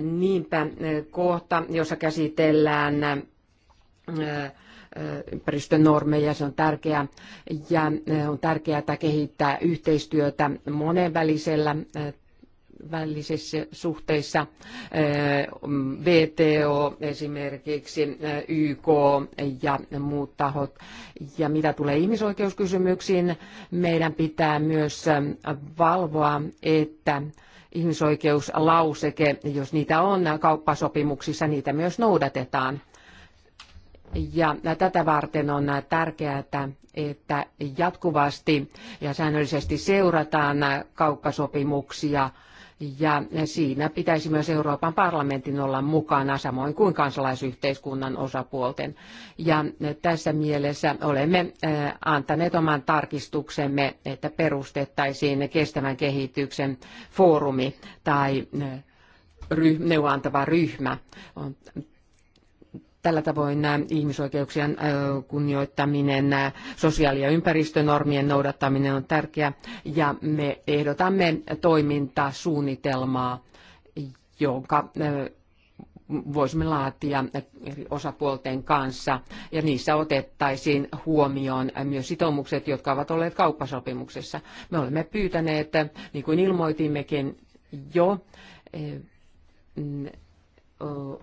Niinpä kohta, jossa käsitellään ympäristönormeja, se on tärkeää. Ja eh, on tärkeää kehittää yhteistyötä monenvälisellä eh, välisissä suhteissa, eh, VTO esimerkiksi, YK ja muut tahot. Ja mitä tulee ihmisoikeuskysymyksiin, meidän pitää myös valvoa, että ihmisoikeuslauseke, jos niitä on kauppasopimuksissa, niitä myös noudatetaan. Ja tätä varten on tärkeää, että jatkuvasti ja säännöllisesti seurataan kauppasopimuksia ja siinä pitäisi myös Euroopan parlamentin olla mukana, samoin kuin kansalaisyhteiskunnan osapuolten. Ja tässä mielessä olemme eh, antaneet oman tarkistuksemme, että perustettaisiin kestävän kehityksen foorumi tai eh, neuvontava ryhmä. On Tällä tavoin äh, ihmisoikeuksien äh, kunnioittaminen, äh, sosiaali- ja ympäristönormien noudattaminen on tärkeää ja me ehdotamme toimintasuunnitelmaa, jonka voisimme laatia eri osapuolten kanssa ja niissä otettaisiin huomioon myös sitoumukset, jotka ovat olleet kauppasopimuksessa. Me olemme pyytäneet, niin kuin ilmoitimmekin jo,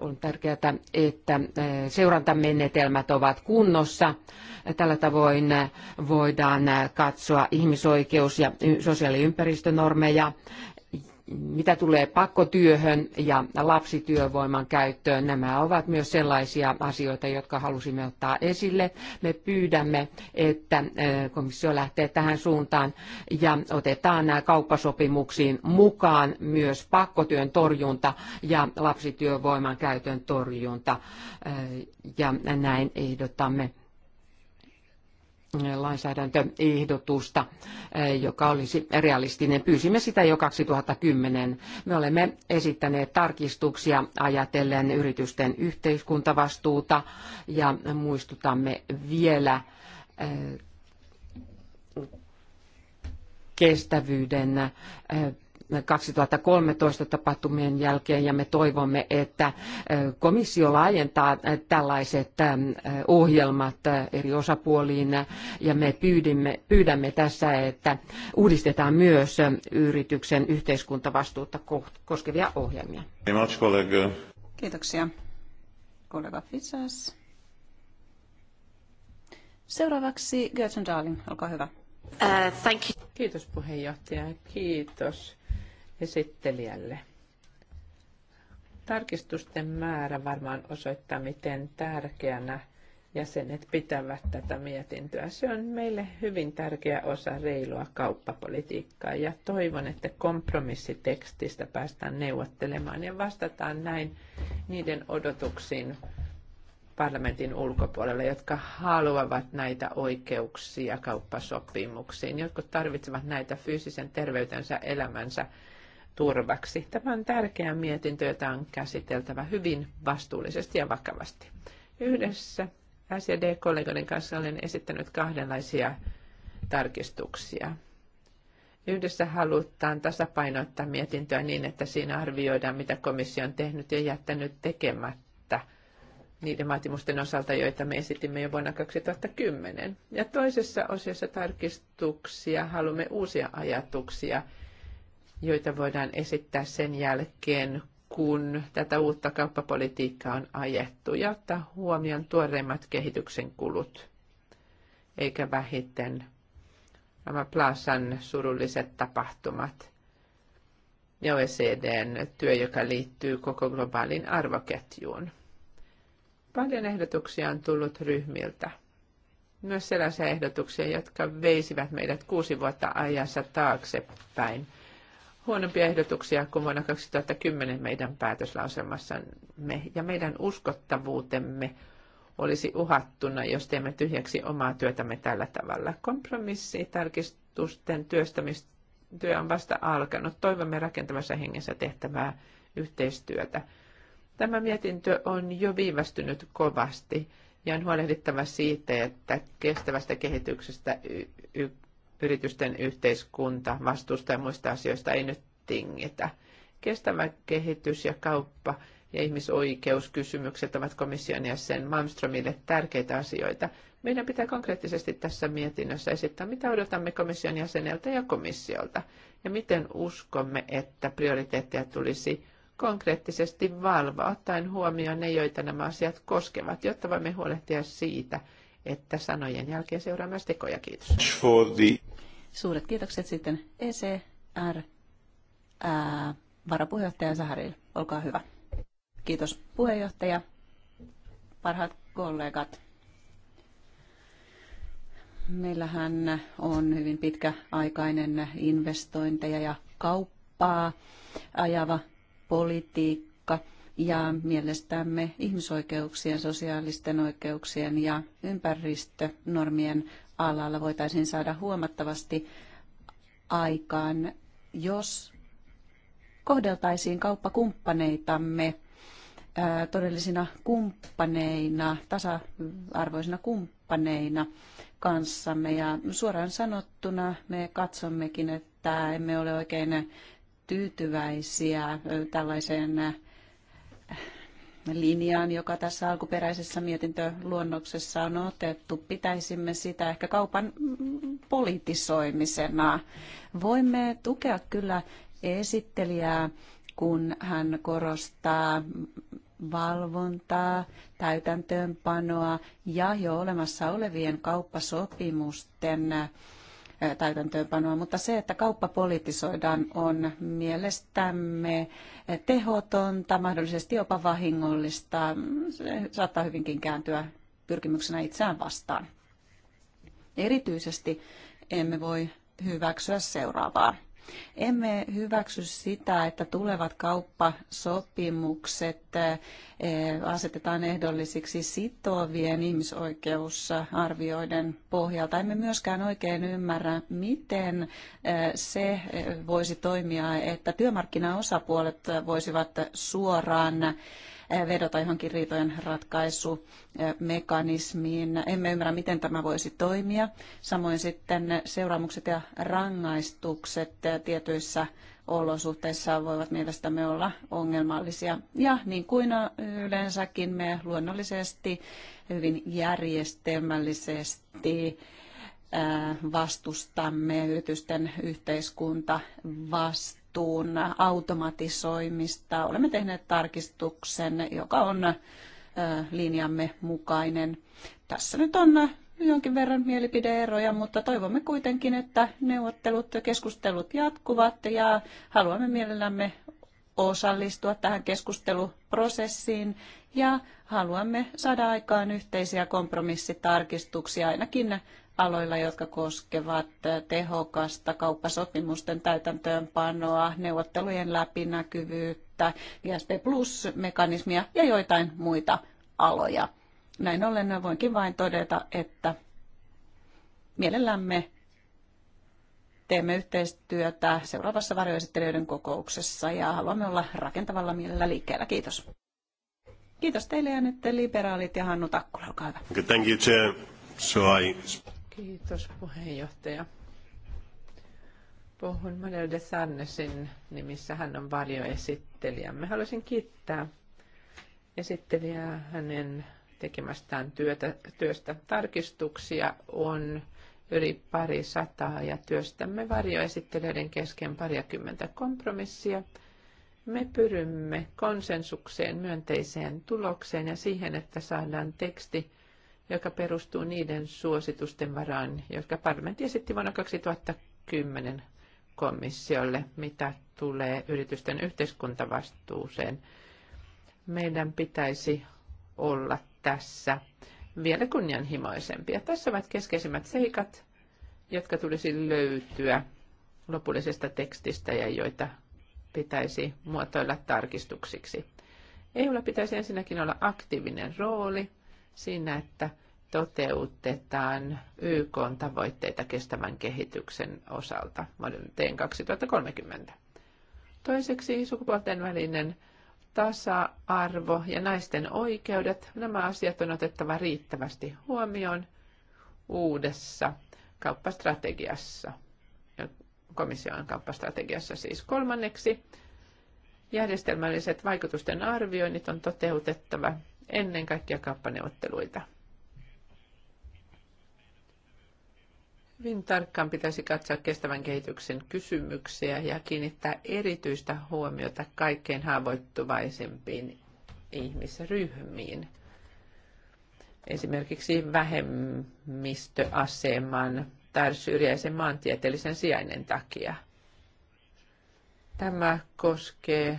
on tärkeää, että seurantamenetelmät ovat kunnossa. Tällä tavoin voidaan katsoa ihmisoikeus- ja sosiaaliympäristönormeja mitä tulee pakkotyöhön ja lapsityövoiman käyttöön, nämä ovat myös sellaisia asioita, jotka halusimme ottaa esille. Me pyydämme, että komissio lähtee tähän suuntaan ja otetaan nämä kauppasopimuksiin mukaan myös pakkotyön torjunta ja lapsityövoiman käytön torjunta. Ja näin ehdotamme lainsäädäntöehdotusta, eh, joka olisi realistinen. Pyysimme sitä jo 2010. Me olemme esittäneet tarkistuksia ajatellen yritysten yhteiskuntavastuuta ja muistutamme vielä eh, kestävyyden eh, 2013 tapahtumien jälkeen ja me toivomme, että komissio laajentaa tällaiset ohjelmat eri osapuoliin ja me pyydimme, pyydämme tässä, että uudistetaan myös yrityksen yhteiskuntavastuutta koskevia ohjelmia. Kiitoksia, kollega Fisas. Seuraavaksi Gertsen Darling, olkaa hyvä. Uh, thank you. Kiitos puheenjohtaja, kiitos esittelijälle. Tarkistusten määrä varmaan osoittaa, miten tärkeänä jäsenet pitävät tätä mietintöä. Se on meille hyvin tärkeä osa reilua kauppapolitiikkaa ja toivon, että kompromissitekstistä päästään neuvottelemaan ja vastataan näin niiden odotuksiin parlamentin ulkopuolella, jotka haluavat näitä oikeuksia kauppasopimuksiin. jotka tarvitsevat näitä fyysisen terveytensä, elämänsä turvaksi. Tämä on tärkeä mietintö, jota on käsiteltävä hyvin vastuullisesti ja vakavasti. Yhdessä sd kollegoiden kanssa olen esittänyt kahdenlaisia tarkistuksia. Yhdessä halutaan tasapainottaa mietintöä niin, että siinä arvioidaan, mitä komissio on tehnyt ja jättänyt tekemättä niiden vaatimusten osalta, joita me esitimme jo vuonna 2010. Ja toisessa osiossa tarkistuksia haluamme uusia ajatuksia – joita voidaan esittää sen jälkeen, kun tätä uutta kauppapolitiikkaa on ajettu ja ottaa huomioon tuoreimmat kehityksen kulut, eikä vähiten nämä Plasan surulliset tapahtumat ja OECDn työ, joka liittyy koko globaalin arvoketjuun. Paljon ehdotuksia on tullut ryhmiltä. Myös sellaisia ehdotuksia, jotka veisivät meidät kuusi vuotta ajassa taaksepäin – huonompia ehdotuksia kuin vuonna 2010 meidän päätöslauselmassamme. Ja meidän uskottavuutemme olisi uhattuna, jos teemme tyhjäksi omaa työtämme tällä tavalla. Kompromissi tarkistusten työstämistyö on vasta alkanut. Toivomme rakentavassa hengessä tehtävää yhteistyötä. Tämä mietintö on jo viivästynyt kovasti ja on huolehdittava siitä, että kestävästä kehityksestä yritysten yhteiskunta vastuusta ja muista asioista ei nyt tingitä. Kestävä kehitys ja kauppa ja ihmisoikeuskysymykset ovat komission ja sen Malmströmille tärkeitä asioita. Meidän pitää konkreettisesti tässä mietinnössä esittää, mitä odotamme komission jäseneltä ja komissiolta, ja miten uskomme, että prioriteetteja tulisi konkreettisesti valvoa, ottaen huomioon ne, joita nämä asiat koskevat, jotta voimme huolehtia siitä, että sanojen jälkeen seuraa myös tekoja. Kiitos. Suuret kiitokset sitten ECR varapuheenjohtaja Saharil. Olkaa hyvä. Kiitos puheenjohtaja. Parhaat kollegat. Meillähän on hyvin pitkäaikainen investointeja ja kauppaa ajava politiikka – ja mielestämme ihmisoikeuksien, sosiaalisten oikeuksien ja ympäristönormien alalla voitaisiin saada huomattavasti aikaan, jos kohdeltaisiin kauppakumppaneitamme todellisina kumppaneina, tasa-arvoisina kumppaneina kanssamme. Ja suoraan sanottuna me katsommekin, että emme ole oikein tyytyväisiä tällaiseen linjaan, joka tässä alkuperäisessä mietintöluonnoksessa on otettu. Pitäisimme sitä ehkä kaupan politisoimisena. Voimme tukea kyllä esittelijää, kun hän korostaa valvontaa, täytäntöönpanoa ja jo olemassa olevien kauppasopimusten täytäntöönpanoa, mutta se, että kauppa politisoidaan, on mielestämme tehotonta, mahdollisesti jopa vahingollista. Se saattaa hyvinkin kääntyä pyrkimyksenä itseään vastaan. Erityisesti emme voi hyväksyä seuraavaa. Emme hyväksy sitä, että tulevat kauppasopimukset eh, asetetaan ehdollisiksi sitovien ihmisoikeusarvioiden pohjalta. Emme myöskään oikein ymmärrä, miten eh, se voisi toimia, että työmarkkinaosapuolet voisivat suoraan Eh, vedota johonkin riitojen ratkaisumekanismiin. Emme ymmärrä, miten tämä voisi toimia. Samoin sitten seuraamukset ja rangaistukset tietyissä olosuhteissa voivat mielestämme olla ongelmallisia. Ja niin kuin yleensäkin me luonnollisesti hyvin järjestelmällisesti eh, vastustamme yritysten yhteiskunta vastaan vastuun automatisoimista. Olemme tehneet tarkistuksen, joka on linjamme mukainen. Tässä nyt on jonkin verran mielipideeroja, mutta toivomme kuitenkin, että neuvottelut ja keskustelut jatkuvat ja haluamme mielellämme osallistua tähän keskusteluprosessiin ja haluamme saada aikaan yhteisiä kompromissitarkistuksia ainakin aloilla, jotka koskevat tehokasta kauppasopimusten täytäntöönpanoa, neuvottelujen läpinäkyvyyttä, ISP Plus-mekanismia ja joitain muita aloja. Näin ollen voinkin vain todeta, että mielellämme teemme yhteistyötä seuraavassa varjoesittelijöiden kokouksessa ja haluamme olla rakentavalla mielellä liikkeellä. Kiitos. Kiitos teille ja nyt liberaalit ja Hannu Takkula, olkaa hyvä. Thank you, chair. So I... Kiitos puheenjohtaja. Puhun Manuel de Sannesin nimissä. Hän on Me Haluaisin kiittää esittelijää hänen tekemästään työtä, työstä. Tarkistuksia on yli pari sataa ja työstämme varjoesittelijöiden kesken pariakymmentä kompromissia. Me pyrymme konsensukseen, myönteiseen tulokseen ja siihen, että saadaan teksti, joka perustuu niiden suositusten varaan, jotka parlamentti esitti vuonna 2010 komissiolle, mitä tulee yritysten yhteiskuntavastuuseen. Meidän pitäisi olla tässä vielä kunnianhimoisempia. Tässä ovat keskeisimmät seikat, jotka tulisi löytyä lopullisesta tekstistä ja joita pitäisi muotoilla tarkistuksiksi. EUlla pitäisi ensinnäkin olla aktiivinen rooli siinä, että toteutetaan YK tavoitteita kestävän kehityksen osalta vuoden 2030. Toiseksi sukupuolten välinen tasa-arvo ja naisten oikeudet, nämä asiat on otettava riittävästi huomioon uudessa kauppastrategiassa, komission kauppastrategiassa siis kolmanneksi. Järjestelmälliset vaikutusten arvioinnit on toteutettava ennen kaikkea kauppaneuvotteluita. Hyvin tarkkaan pitäisi katsoa kestävän kehityksen kysymyksiä ja kiinnittää erityistä huomiota kaikkein haavoittuvaisempiin ihmisryhmiin. Esimerkiksi vähemmistöaseman tai syrjäisen maantieteellisen sijainnin takia. Tämä koskee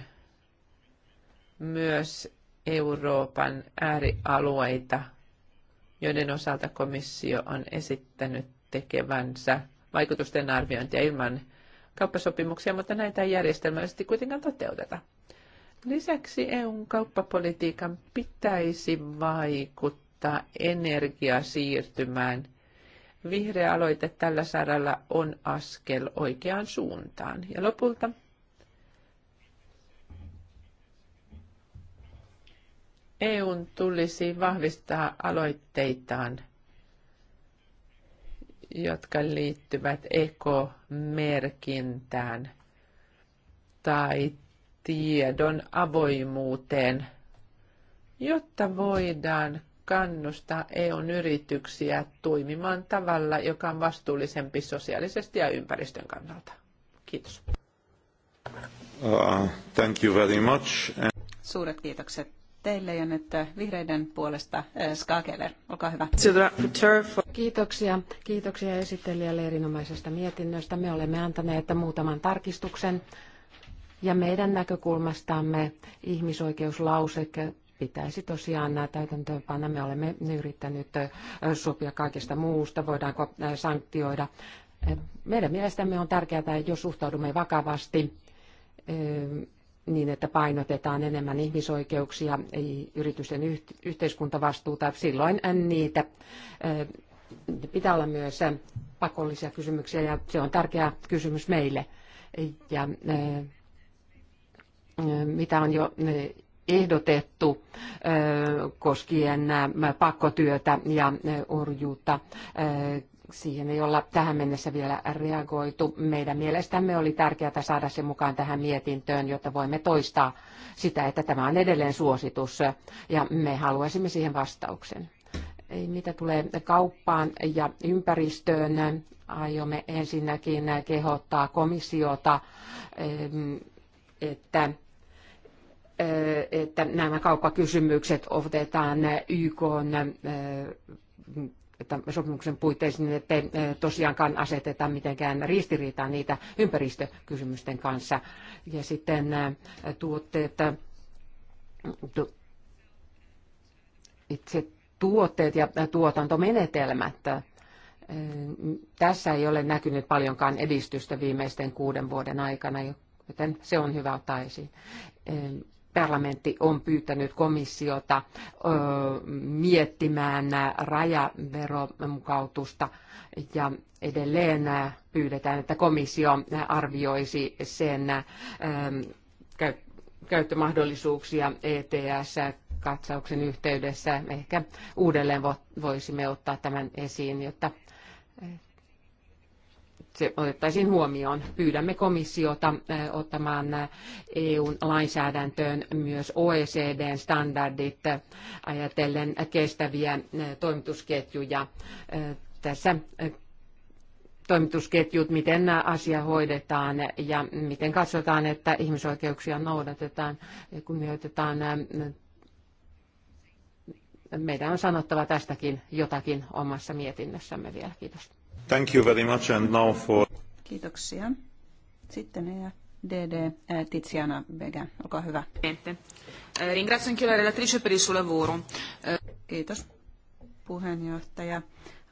myös Euroopan äärialueita, joiden osalta komissio on esittänyt tekevänsä vaikutusten arviointia ilman kauppasopimuksia, mutta näitä ei järjestelmällisesti kuitenkaan toteuteta. Lisäksi EUn kauppapolitiikan pitäisi vaikuttaa energiasiirtymään. Vihreä aloite tällä saralla on askel oikeaan suuntaan. Ja lopulta EUn tulisi vahvistaa aloitteitaan, jotka liittyvät ekomerkintään tai tiedon avoimuuteen, jotta voidaan kannustaa EUn yrityksiä toimimaan tavalla, joka on vastuullisempi sosiaalisesti ja ympäristön kannalta. Kiitos. Uh, thank you very much. Suuret kiitokset teille ja nyt äh, vihreiden puolesta äh, Skakeler. Olkaa hyvä. Kiitoksia. Kiitoksia esittelijälle erinomaisesta mietinnöstä. Me olemme antaneet muutaman tarkistuksen ja meidän näkökulmastamme ihmisoikeuslauseke pitäisi tosiaan nämä täytäntöönpanna. Me olemme yrittäneet äh, sopia kaikesta muusta, voidaanko sanktioida. Meidän mielestämme on tärkeää, että jos suhtaudumme vakavasti niin, että painotetaan enemmän ihmisoikeuksia, yritysten yhteiskuntavastuuta. Silloin äh, niitä äh, pitää olla myös äh, pakollisia kysymyksiä ja se on tärkeä kysymys meille. Ja mitä on jo ehdotettu koskien pakkotyötä ja orjuutta siihen ei olla tähän mennessä vielä reagoitu. Meidän mielestämme oli tärkeää saada se mukaan tähän mietintöön, jotta voimme toistaa sitä, että tämä on edelleen suositus ja me haluaisimme siihen vastauksen. Mitä tulee kauppaan ja ympäristöön, aiomme ensinnäkin kehottaa komissiota, että että nämä kauppakysymykset otetaan YK sopimuksen puitteissa, niin ettei eh, tosiaankaan aseteta mitenkään ristiriitaa niitä ympäristökysymysten kanssa. Ja sitten eh, tuotteet, eh, itse tuotteet ja tuotantomenetelmät. Tässä ei ole näkynyt paljonkaan edistystä viimeisten kuuden vuoden aikana, joten se on hyvä ottaa esiin parlamentti on pyytänyt komissiota miettimään rajaveromukautusta ja edelleen pyydetään, että komissio arvioisi sen käyttömahdollisuuksia ETS-katsauksen yhteydessä. Ehkä uudelleen voisimme ottaa tämän esiin, jotta se otettaisiin huomioon. Pyydämme komissiota eh, ottamaan eh, EUn lainsäädäntöön myös OECDn standardit eh, ajatellen kestäviä toimitusketjuja. Tässä toimitusketjut, miten nämä asia hoidetaan ja miten katsotaan, että ihmisoikeuksia noudatetaan ja kunnioitetaan. Meidän on sanottava tästäkin jotakin omassa mietinnössämme vielä. Kiitos. Thank you very much and now for... Kiitoksia. Sitten ja e DD eh, Tiziana Bega, olkaa hyvä. Eh, ringrazio anche la relatrice per il suo lavoro. Eh, Kiitos puheenjohtaja.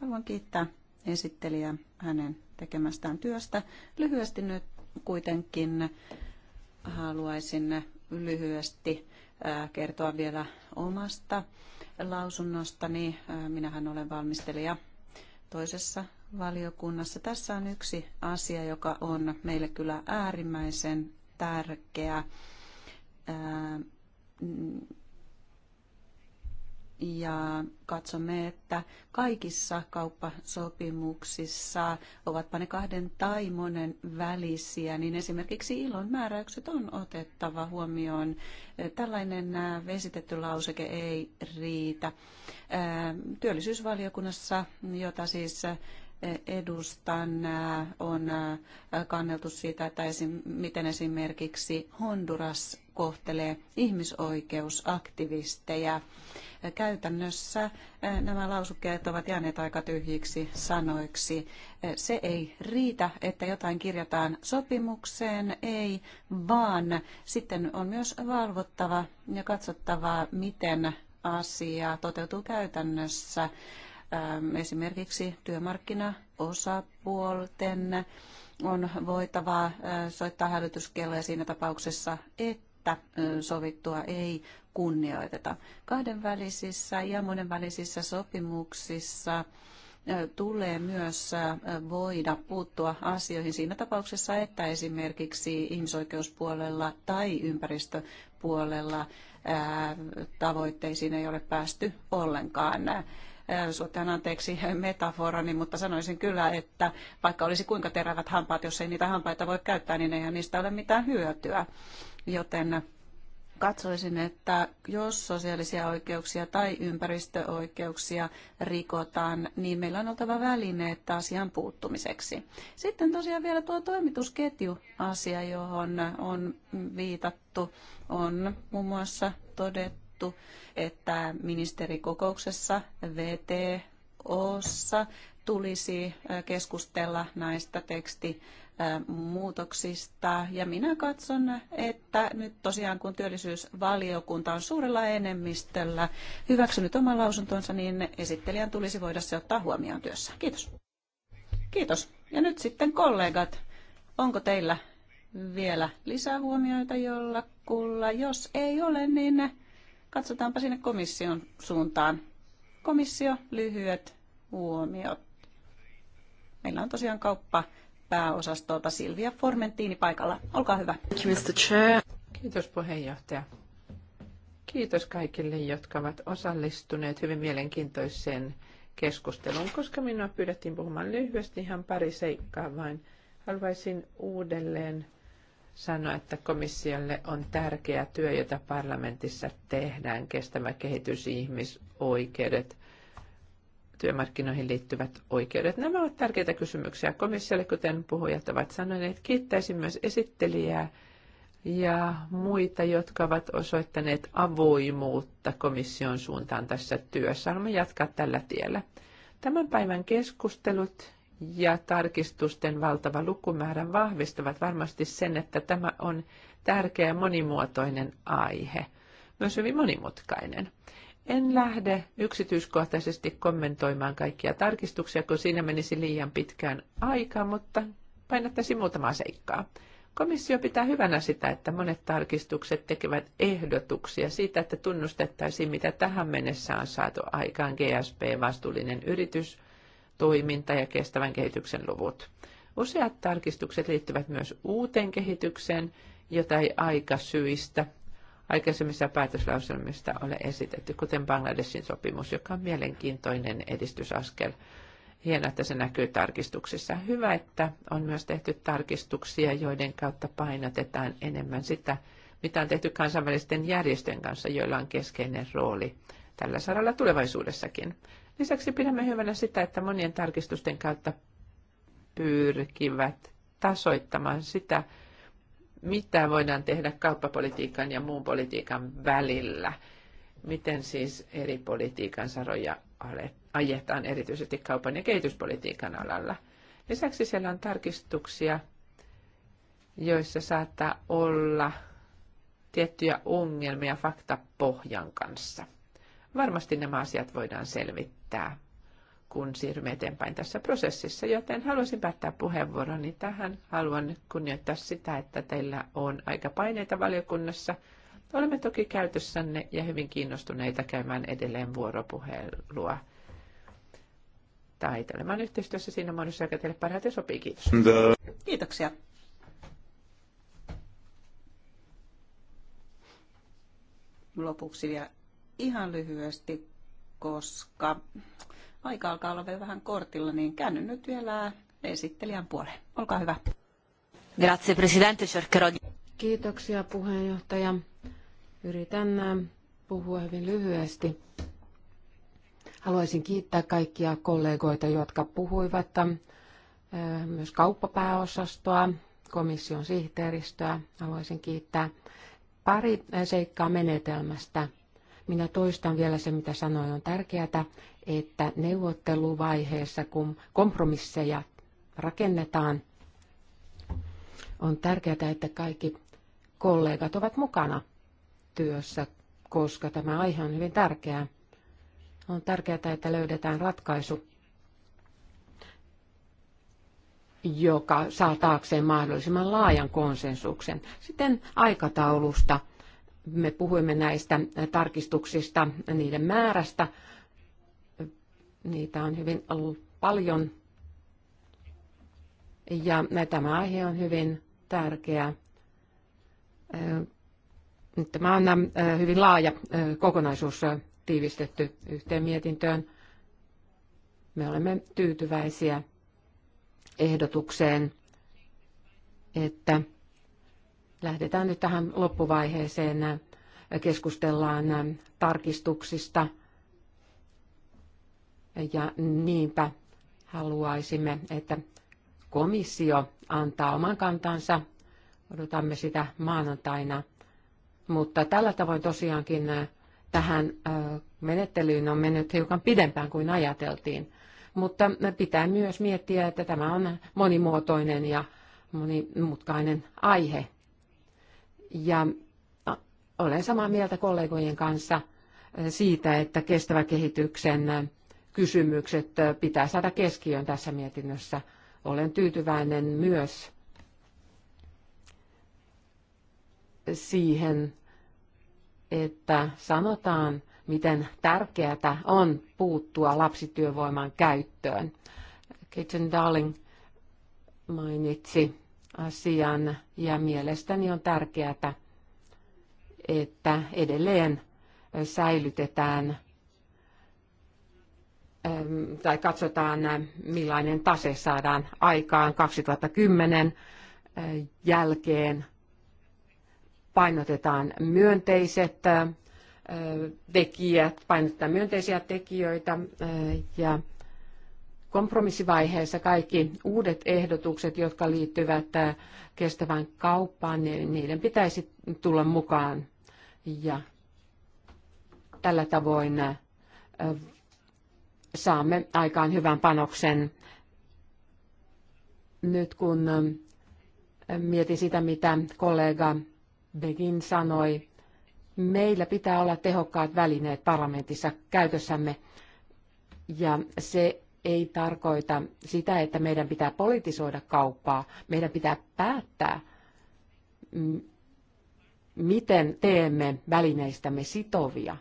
Haluan kiittää esittelijää hänen tekemästään työstä. Lyhyesti nyt kuitenkin haluaisin lyhyesti kertoa vielä omasta lausunnostani. Minähän olen valmistelija toisessa valiokunnassa. Tässä on yksi asia, joka on meille kyllä äärimmäisen tärkeä. Ja katsomme, että kaikissa kauppasopimuksissa, ovatpa ne kahden tai monen välisiä, niin esimerkiksi ilon määräykset on otettava huomioon. Tällainen vesitetty lauseke ei riitä. Työllisyysvaliokunnassa, jota siis edustan, on kanneltu siitä, että esim, miten esimerkiksi Honduras kohtelee ihmisoikeusaktivisteja. Käytännössä nämä lausukkeet ovat jääneet aika tyhjiksi sanoiksi. Se ei riitä, että jotain kirjataan sopimukseen, ei, vaan sitten on myös valvottava ja katsottava, miten asia toteutuu käytännössä. Ähm, esimerkiksi työmarkkinaosapuolten on voitava äh, soittaa hälytyskelloja siinä tapauksessa, että sovittua ei kunnioiteta. Kahdenvälisissä ja monenvälisissä sopimuksissa tulee myös voida puuttua asioihin siinä tapauksessa, että esimerkiksi ihmisoikeuspuolella tai ympäristöpuolella tavoitteisiin ei ole päästy ollenkaan suhteen anteeksi metaforani, mutta sanoisin kyllä, että vaikka olisi kuinka terävät hampaat, jos ei niitä hampaita voi käyttää, niin eihän niistä ole mitään hyötyä. Joten katsoisin, että jos sosiaalisia oikeuksia tai ympäristöoikeuksia rikotaan, niin meillä on oltava välineet asian puuttumiseksi. Sitten tosiaan vielä tuo toimitusketjuasia, johon on viitattu, on muun muassa todettu, sanottu, että ministerikokouksessa VTOssa tulisi keskustella näistä teksti muutoksista. Ja minä katson, että nyt tosiaan kun työllisyysvaliokunta on suurella enemmistöllä hyväksynyt oman lausuntonsa, niin esittelijän tulisi voida se ottaa huomioon työssä. Kiitos. Kiitos. Ja nyt sitten kollegat, onko teillä vielä lisähuomioita jollakulla? Jos ei ole, niin Katsotaanpa sinne komission suuntaan. Komissio, lyhyet huomiot. Meillä on tosiaan kauppa pääosastolta Silvia Formentini paikalla. Olkaa hyvä. Kiitos puheenjohtaja. Kiitos kaikille, jotka ovat osallistuneet hyvin mielenkiintoiseen keskusteluun. Koska minua pyydettiin puhumaan lyhyesti ihan pari seikkaa vain, haluaisin uudelleen sanoi, että komissiolle on tärkeä työ, jota parlamentissa tehdään, kestävä kehitys, ihmisoikeudet, työmarkkinoihin liittyvät oikeudet. Nämä ovat tärkeitä kysymyksiä komissiolle, kuten puhujat ovat sanoneet. Kiittäisin myös esittelijää ja muita, jotka ovat osoittaneet avoimuutta komission suuntaan tässä työssä. Haluamme jatkaa tällä tiellä. Tämän päivän keskustelut ja tarkistusten valtava lukumäärä vahvistavat varmasti sen, että tämä on tärkeä monimuotoinen aihe, myös hyvin monimutkainen. En lähde yksityiskohtaisesti kommentoimaan kaikkia tarkistuksia, kun siinä menisi liian pitkään aikaa, mutta painottaisin muutamaa seikkaa. Komissio pitää hyvänä sitä, että monet tarkistukset tekevät ehdotuksia siitä, että tunnustettaisiin, mitä tähän mennessä on saatu aikaan GSP-vastuullinen yritys toiminta ja kestävän kehityksen luvut. Useat tarkistukset liittyvät myös uuteen kehitykseen, jota ei aikasyistä aikaisemmissa päätöslauselmista ole esitetty, kuten Bangladesin sopimus, joka on mielenkiintoinen edistysaskel. Hienoa, että se näkyy tarkistuksissa. Hyvä, että on myös tehty tarkistuksia, joiden kautta painotetaan enemmän sitä, mitä on tehty kansainvälisten järjestöjen kanssa, joilla on keskeinen rooli tällä saralla tulevaisuudessakin. Lisäksi pidämme hyvänä sitä, että monien tarkistusten kautta pyrkivät tasoittamaan sitä, mitä voidaan tehdä kauppapolitiikan ja muun politiikan välillä. Miten siis eri politiikan saroja ajetaan erityisesti kaupan ja kehityspolitiikan alalla. Lisäksi siellä on tarkistuksia, joissa saattaa olla tiettyjä ongelmia faktapohjan kanssa. Varmasti nämä asiat voidaan selvittää riittää, kun siirrymme eteenpäin tässä prosessissa. Joten haluaisin päättää puheenvuoroni tähän. Haluan kunnioittaa sitä, että teillä on aika paineita valiokunnassa. Olemme toki käytössänne ja hyvin kiinnostuneita käymään edelleen vuoropuhelua taitelemaan yhteistyössä siinä muodossa, joka teille parhaiten sopii. Kiitos. Kiitoksia. Lopuksi vielä ihan lyhyesti koska aika alkaa olla vielä vähän kortilla, niin käänny nyt vielä esittelijän puoleen. Olkaa hyvä. Grazie, presidente. Cercherò di... Kiitoksia puheenjohtaja. Yritän puhua hyvin lyhyesti. Haluaisin kiittää kaikkia kollegoita, jotka puhuivat, myös kauppapääosastoa, komission sihteeristöä. Haluaisin kiittää pari seikkaa menetelmästä – minä toistan vielä se, mitä sanoin. On tärkeää, että neuvotteluvaiheessa, kun kompromisseja rakennetaan, on tärkeää, että kaikki kollegat ovat mukana työssä, koska tämä aihe on hyvin tärkeä. On tärkeää, että löydetään ratkaisu, joka saa taakseen mahdollisimman laajan konsensuksen. Sitten aikataulusta – me puhuimme näistä tarkistuksista, niiden määrästä. Niitä on hyvin paljon. Ja tämä aihe on hyvin tärkeä. Tämä on äh, hyvin laaja äh, kokonaisuus äh, tiivistetty yhteen mietintöön. Me olemme tyytyväisiä ehdotukseen, että lähdetään nyt tähän loppuvaiheeseen. Keskustellaan tarkistuksista ja niinpä haluaisimme, että komissio antaa oman kantansa. Odotamme sitä maanantaina. Mutta tällä tavoin tosiaankin äh, tähän äh, menettelyyn on mennyt hiukan pidempään kuin ajateltiin. Mutta pitää myös miettiä, että tämä on monimuotoinen ja monimutkainen aihe. Ja olen samaa mieltä kollegojen kanssa e, siitä, että kestävän kehityksen e, kysymykset e, pitää saada keskiöön tässä mietinnössä. Olen tyytyväinen myös siihen, että sanotaan, miten tärkeää on puuttua lapsityövoiman käyttöön. Kitchen Darling mainitsi asian ja mielestäni on tärkeää, että edelleen säilytetään tai katsotaan, millainen tase saadaan aikaan 2010 jälkeen. Painotetaan myönteiset tekijät, painotetaan myönteisiä tekijöitä ja kompromissivaiheessa kaikki uudet ehdotukset, jotka liittyvät äh, kestävään kauppaan, niin niiden pitäisi tulla mukaan. Ja tällä tavoin äh, saamme aikaan hyvän panoksen. Nyt kun äh, mietin sitä, mitä kollega Begin sanoi, meillä pitää olla tehokkaat välineet parlamentissa käytössämme. Ja se ei tarkoita sitä, että meidän pitää politisoida kauppaa. Meidän pitää päättää, miten teemme välineistämme sitovia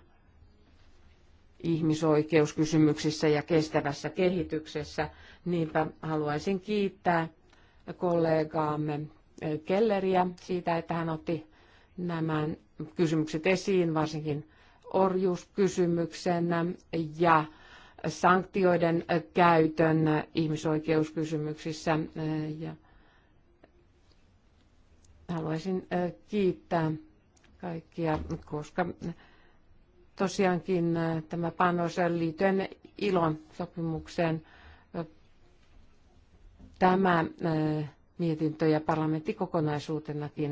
ihmisoikeuskysymyksissä ja kestävässä kehityksessä. Niinpä haluaisin kiittää kollegaamme Kelleriä siitä, että hän otti nämä kysymykset esiin, varsinkin orjuuskysymyksen ja sanktioiden käytön ihmisoikeuskysymyksissä. Ja haluaisin kiittää kaikkia, koska tosiaankin tämä panos liittyen ilon sopimukseen tämä mietintö ja parlamentti kokonaisuutenakin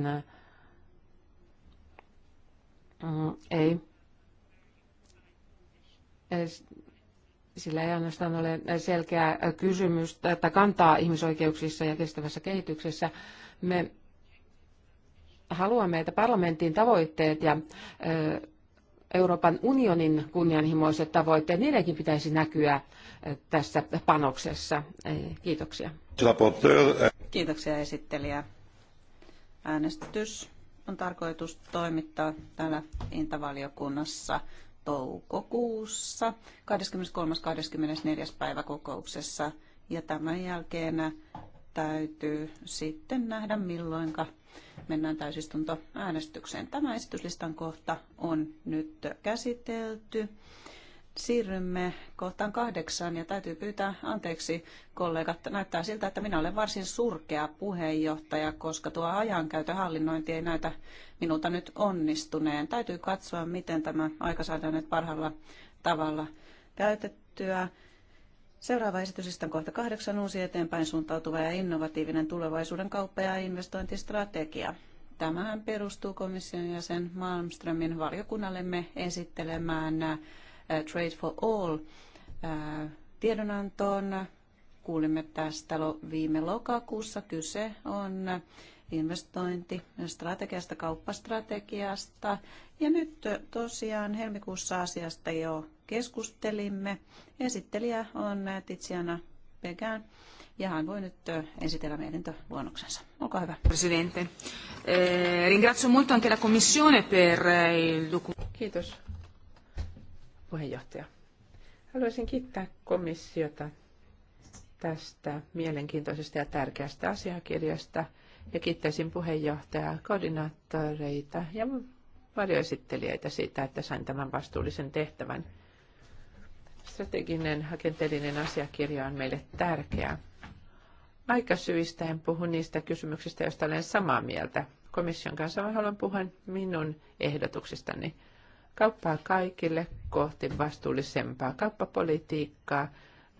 mm, ei sillä ei ainoastaan ole selkeää kysymystä että kantaa ihmisoikeuksissa ja kestävässä kehityksessä. Me haluamme, että parlamentin tavoitteet ja Euroopan unionin kunnianhimoiset tavoitteet, niidenkin pitäisi näkyä tässä panoksessa. Kiitoksia. Kiitoksia esittelijä. Äänestys on tarkoitus toimittaa täällä intavaliokunnassa toukokuussa 23.-24. päivä kokouksessa ja tämän jälkeen täytyy sitten nähdä milloinka mennään täysistuntoäänestykseen. Tämä esityslistan kohta on nyt käsitelty. Siirrymme kohtaan kahdeksaan ja täytyy pyytää anteeksi kollegat. Näyttää siltä, että minä olen varsin surkea puheenjohtaja, koska tuo ajankäytön hallinnointi ei näytä minulta nyt onnistuneen. Täytyy katsoa, miten tämä aika saadaan nyt parhaalla tavalla käytettyä. Seuraava esitys on kohta kahdeksan uusi eteenpäin suuntautuva ja innovatiivinen tulevaisuuden kauppa- ja investointistrategia. Tämähän perustuu komission jäsen Malmströmin valiokunnallemme esittelemään Uh, Trade for All uh, tiedonantoon. Kuulimme tästä viime lokakuussa. Kyse on investointistrategiasta, kauppastrategiasta. Ja nyt tosiaan helmikuussa asiasta jo keskustelimme. Esittelijä on Tiziana Pekään ja hän voi nyt esitellä mietintöluonnoksensa. Olkaa hyvä. Presidente, eh, ringrazio molto anche la Commissione per eh, il documento. Kiitos puheenjohtaja. Haluaisin kiittää komissiota tästä mielenkiintoisesta ja tärkeästä asiakirjasta ja kiittäisin puheenjohtajaa, koordinaattoreita ja varjoesittelijöitä siitä, että sain tämän vastuullisen tehtävän. Strateginen hakenteellinen asiakirja on meille tärkeä. Aikasyistä en puhu niistä kysymyksistä, joista olen samaa mieltä komission kanssa, vaan haluan puhua minun ehdotuksistani. Kauppaa kaikille kohti vastuullisempaa kauppapolitiikkaa.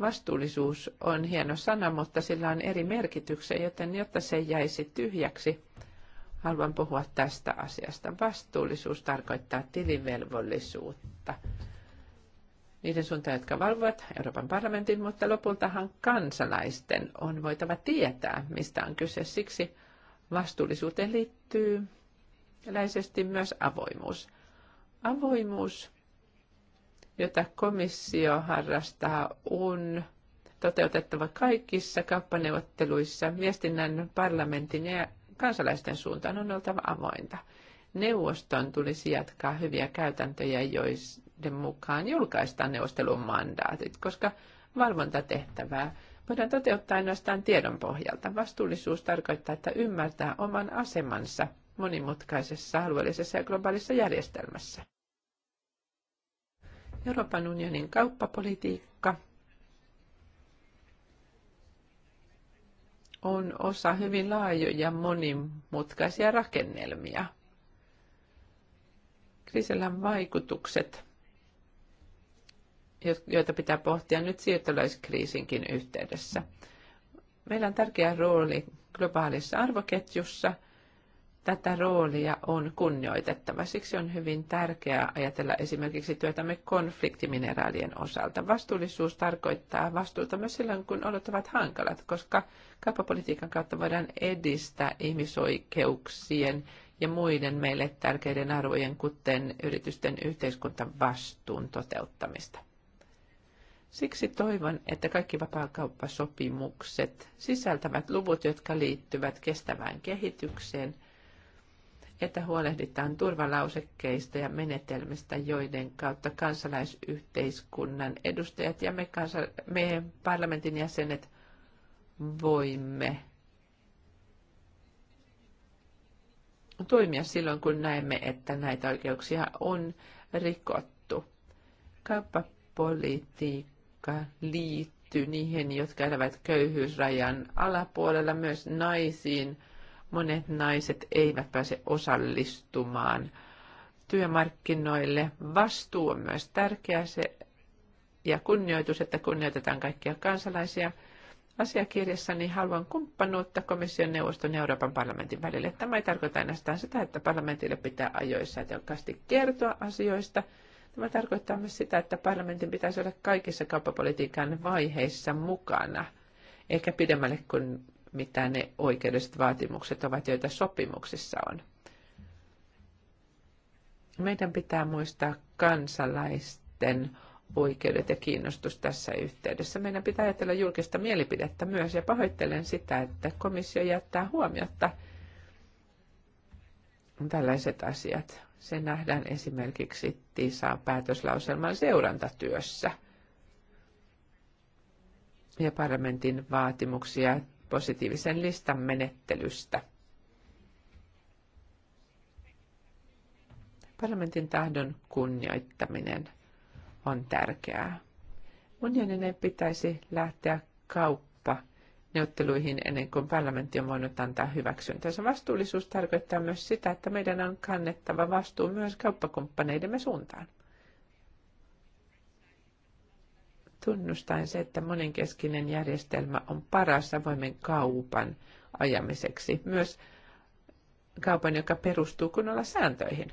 Vastuullisuus on hieno sana, mutta sillä on eri merkityksiä, joten jotta se jäisi tyhjäksi, haluan puhua tästä asiasta. Vastuullisuus tarkoittaa tilivelvollisuutta. Niiden suuntaan, jotka valvovat Euroopan parlamentin, mutta lopultahan kansalaisten on voitava tietää, mistä on kyse. Siksi vastuullisuuteen liittyy yleisesti myös avoimuus. Avoimuus, jota komissio harrastaa, on toteutettava kaikissa kauppaneuvotteluissa viestinnän parlamentin ja kansalaisten suuntaan on oltava avointa. Neuvoston tulisi jatkaa hyviä käytäntöjä, joiden mukaan julkaistaan neuvostelun mandaatit, koska valvontatehtävää voidaan toteuttaa ainoastaan tiedon pohjalta. Vastuullisuus tarkoittaa, että ymmärtää oman asemansa – monimutkaisessa alueellisessa ja globaalissa järjestelmässä. Euroopan unionin kauppapolitiikka on osa hyvin laajoja monimutkaisia rakennelmia. Kriisillä vaikutukset, joita pitää pohtia nyt siirtolaiskriisinkin yhteydessä. Meillä on tärkeä rooli globaalissa arvoketjussa – tätä roolia on kunnioitettava. Siksi on hyvin tärkeää ajatella esimerkiksi työtämme konfliktimineraalien osalta. Vastuullisuus tarkoittaa vastuuta myös silloin, kun olot ovat hankalat, koska kauppapolitiikan kautta voidaan edistää ihmisoikeuksien ja muiden meille tärkeiden arvojen, kuten yritysten yhteiskuntavastuun toteuttamista. Siksi toivon, että kaikki vapaakauppasopimukset sisältävät luvut, jotka liittyvät kestävään kehitykseen – että huolehditaan turvalausekkeista ja menetelmistä, joiden kautta kansalaisyhteiskunnan edustajat ja me, kansa- me parlamentin jäsenet voimme toimia silloin, kun näemme, että näitä oikeuksia on rikottu. Kauppapolitiikka liittyy niihin, jotka elävät köyhyysrajan alapuolella, myös naisiin – monet naiset eivät pääse osallistumaan työmarkkinoille. Vastuu on myös tärkeä se, ja kunnioitus, että kunnioitetaan kaikkia kansalaisia. Asiakirjassa niin haluan kumppanuutta komission neuvoston ja Euroopan parlamentin välille. Tämä ei tarkoita ainoastaan sitä, että parlamentille pitää ajoissa ja tehokkaasti kertoa asioista. Tämä tarkoittaa myös sitä, että parlamentin pitäisi olla kaikissa kauppapolitiikan vaiheissa mukana, eikä pidemmälle kuin mitä ne oikeudelliset vaatimukset ovat, joita sopimuksissa on. Meidän pitää muistaa kansalaisten oikeudet ja kiinnostus tässä yhteydessä. Meidän pitää ajatella julkista mielipidettä myös ja pahoittelen sitä, että komissio jättää huomiota tällaiset asiat. Se nähdään esimerkiksi TISAan päätöslauselman seurantatyössä ja parlamentin vaatimuksia positiivisen listan menettelystä. Parlamentin tahdon kunnioittaminen on tärkeää. Unionin ei pitäisi lähteä kauppa neuvotteluihin ennen kuin parlamentti on voinut antaa hyväksyntänsä. Vastuullisuus tarkoittaa myös sitä, että meidän on kannettava vastuu myös kauppakumppaneidemme suuntaan. tunnustaen se, että monenkeskinen järjestelmä on paras avoimen kaupan ajamiseksi. Myös kaupan, joka perustuu kunnolla sääntöihin.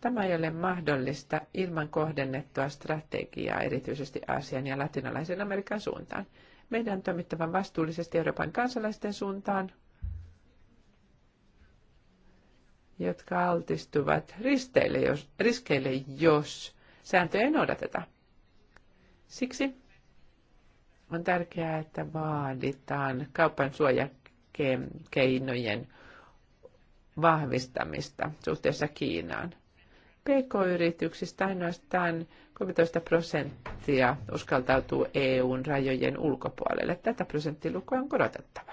Tämä ei ole mahdollista ilman kohdennettua strategiaa erityisesti Aasian ja latinalaisen Amerikan suuntaan. Meidän on toimittava vastuullisesti Euroopan kansalaisten suuntaan, jotka altistuvat risteille, jos, riskeille, jos sääntöjä ei noudateta. Siksi on tärkeää, että vaaditaan kaupan suojakeinojen vahvistamista suhteessa Kiinaan. PK-yrityksistä ainoastaan 13 prosenttia uskaltautuu EUn rajojen ulkopuolelle. Tätä prosenttilukua on korotettava.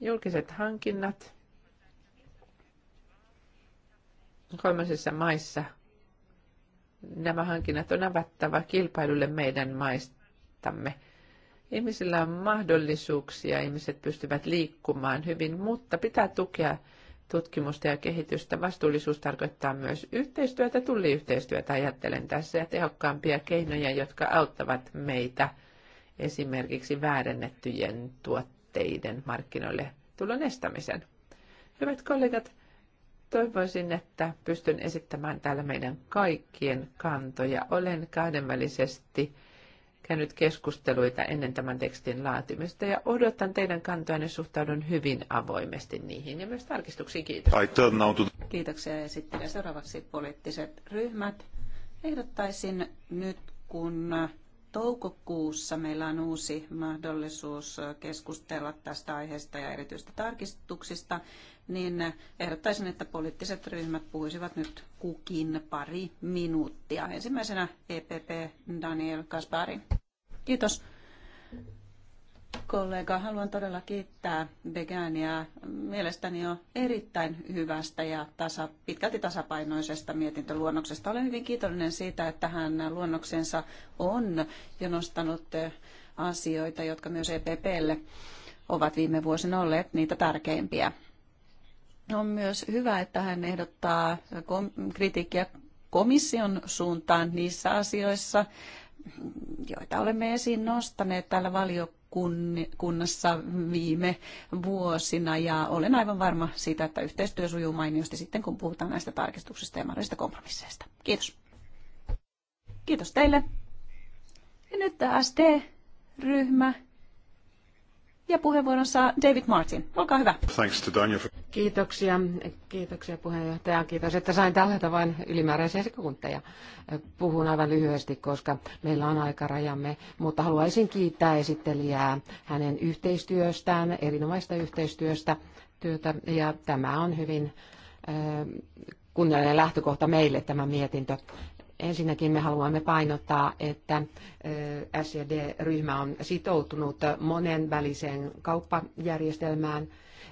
Julkiset hankinnat kolmansissa maissa – nämä hankinnat on avattava kilpailulle meidän maistamme. Ihmisillä on mahdollisuuksia, ihmiset pystyvät liikkumaan hyvin, mutta pitää tukea tutkimusta ja kehitystä. Vastuullisuus tarkoittaa myös yhteistyötä, tulliyhteistyötä ajattelen tässä ja tehokkaampia keinoja, jotka auttavat meitä esimerkiksi väärennettyjen tuotteiden markkinoille tulon estämisen. Hyvät kollegat, Toivoisin, että pystyn esittämään täällä meidän kaikkien kantoja. Olen kahdenvälisesti käynyt keskusteluita ennen tämän tekstin laatimista ja odotan teidän kantojanne suhtaudun hyvin avoimesti niihin ja myös tarkistuksiin. Kiitos. Kiitoksia esittelijä. Seuraavaksi poliittiset ryhmät. Ehdottaisin nyt, kun toukokuussa meillä on uusi mahdollisuus keskustella tästä aiheesta ja erityisesti tarkistuksista, niin ehdottaisin, että poliittiset ryhmät puhuisivat nyt kukin pari minuuttia. Ensimmäisenä EPP Daniel Kaspari. Kiitos kollega, haluan todella kiittää Begania mielestäni jo erittäin hyvästä ja tasa, pitkälti tasapainoisesta mietintöluonnoksesta. Olen hyvin kiitollinen siitä, että hän luonnoksensa on jo nostanut eh, asioita, jotka myös EPPlle ovat viime vuosina olleet niitä tärkeimpiä. On myös hyvä, että hän ehdottaa kom- kritiikkiä komission suuntaan niissä asioissa, joita olemme esiin nostaneet täällä valiokunnassa kunnassa viime vuosina ja olen aivan varma siitä, että yhteistyö sujuu mainiosti sitten, kun puhutaan näistä tarkistuksista ja mahdollisista kompromisseista. Kiitos. Kiitos teille. Ja nyt SD-ryhmä ja puheenvuoron saa David Martin. Olkaa hyvä. Thanks to Daniel. Kiitoksia. Kiitoksia puheenjohtaja. Kiitos, että sain tällä vain ylimääräisiä sekunteja. Puhun aivan lyhyesti, koska meillä on aikarajamme, mutta haluaisin kiittää esittelijää hänen yhteistyöstään, erinomaista yhteistyöstä työtä, ja tämä on hyvin äh, lähtökohta meille tämä mietintö. Ensinnäkin me haluamme painottaa, että SED-ryhmä on sitoutunut monenväliseen kauppajärjestelmään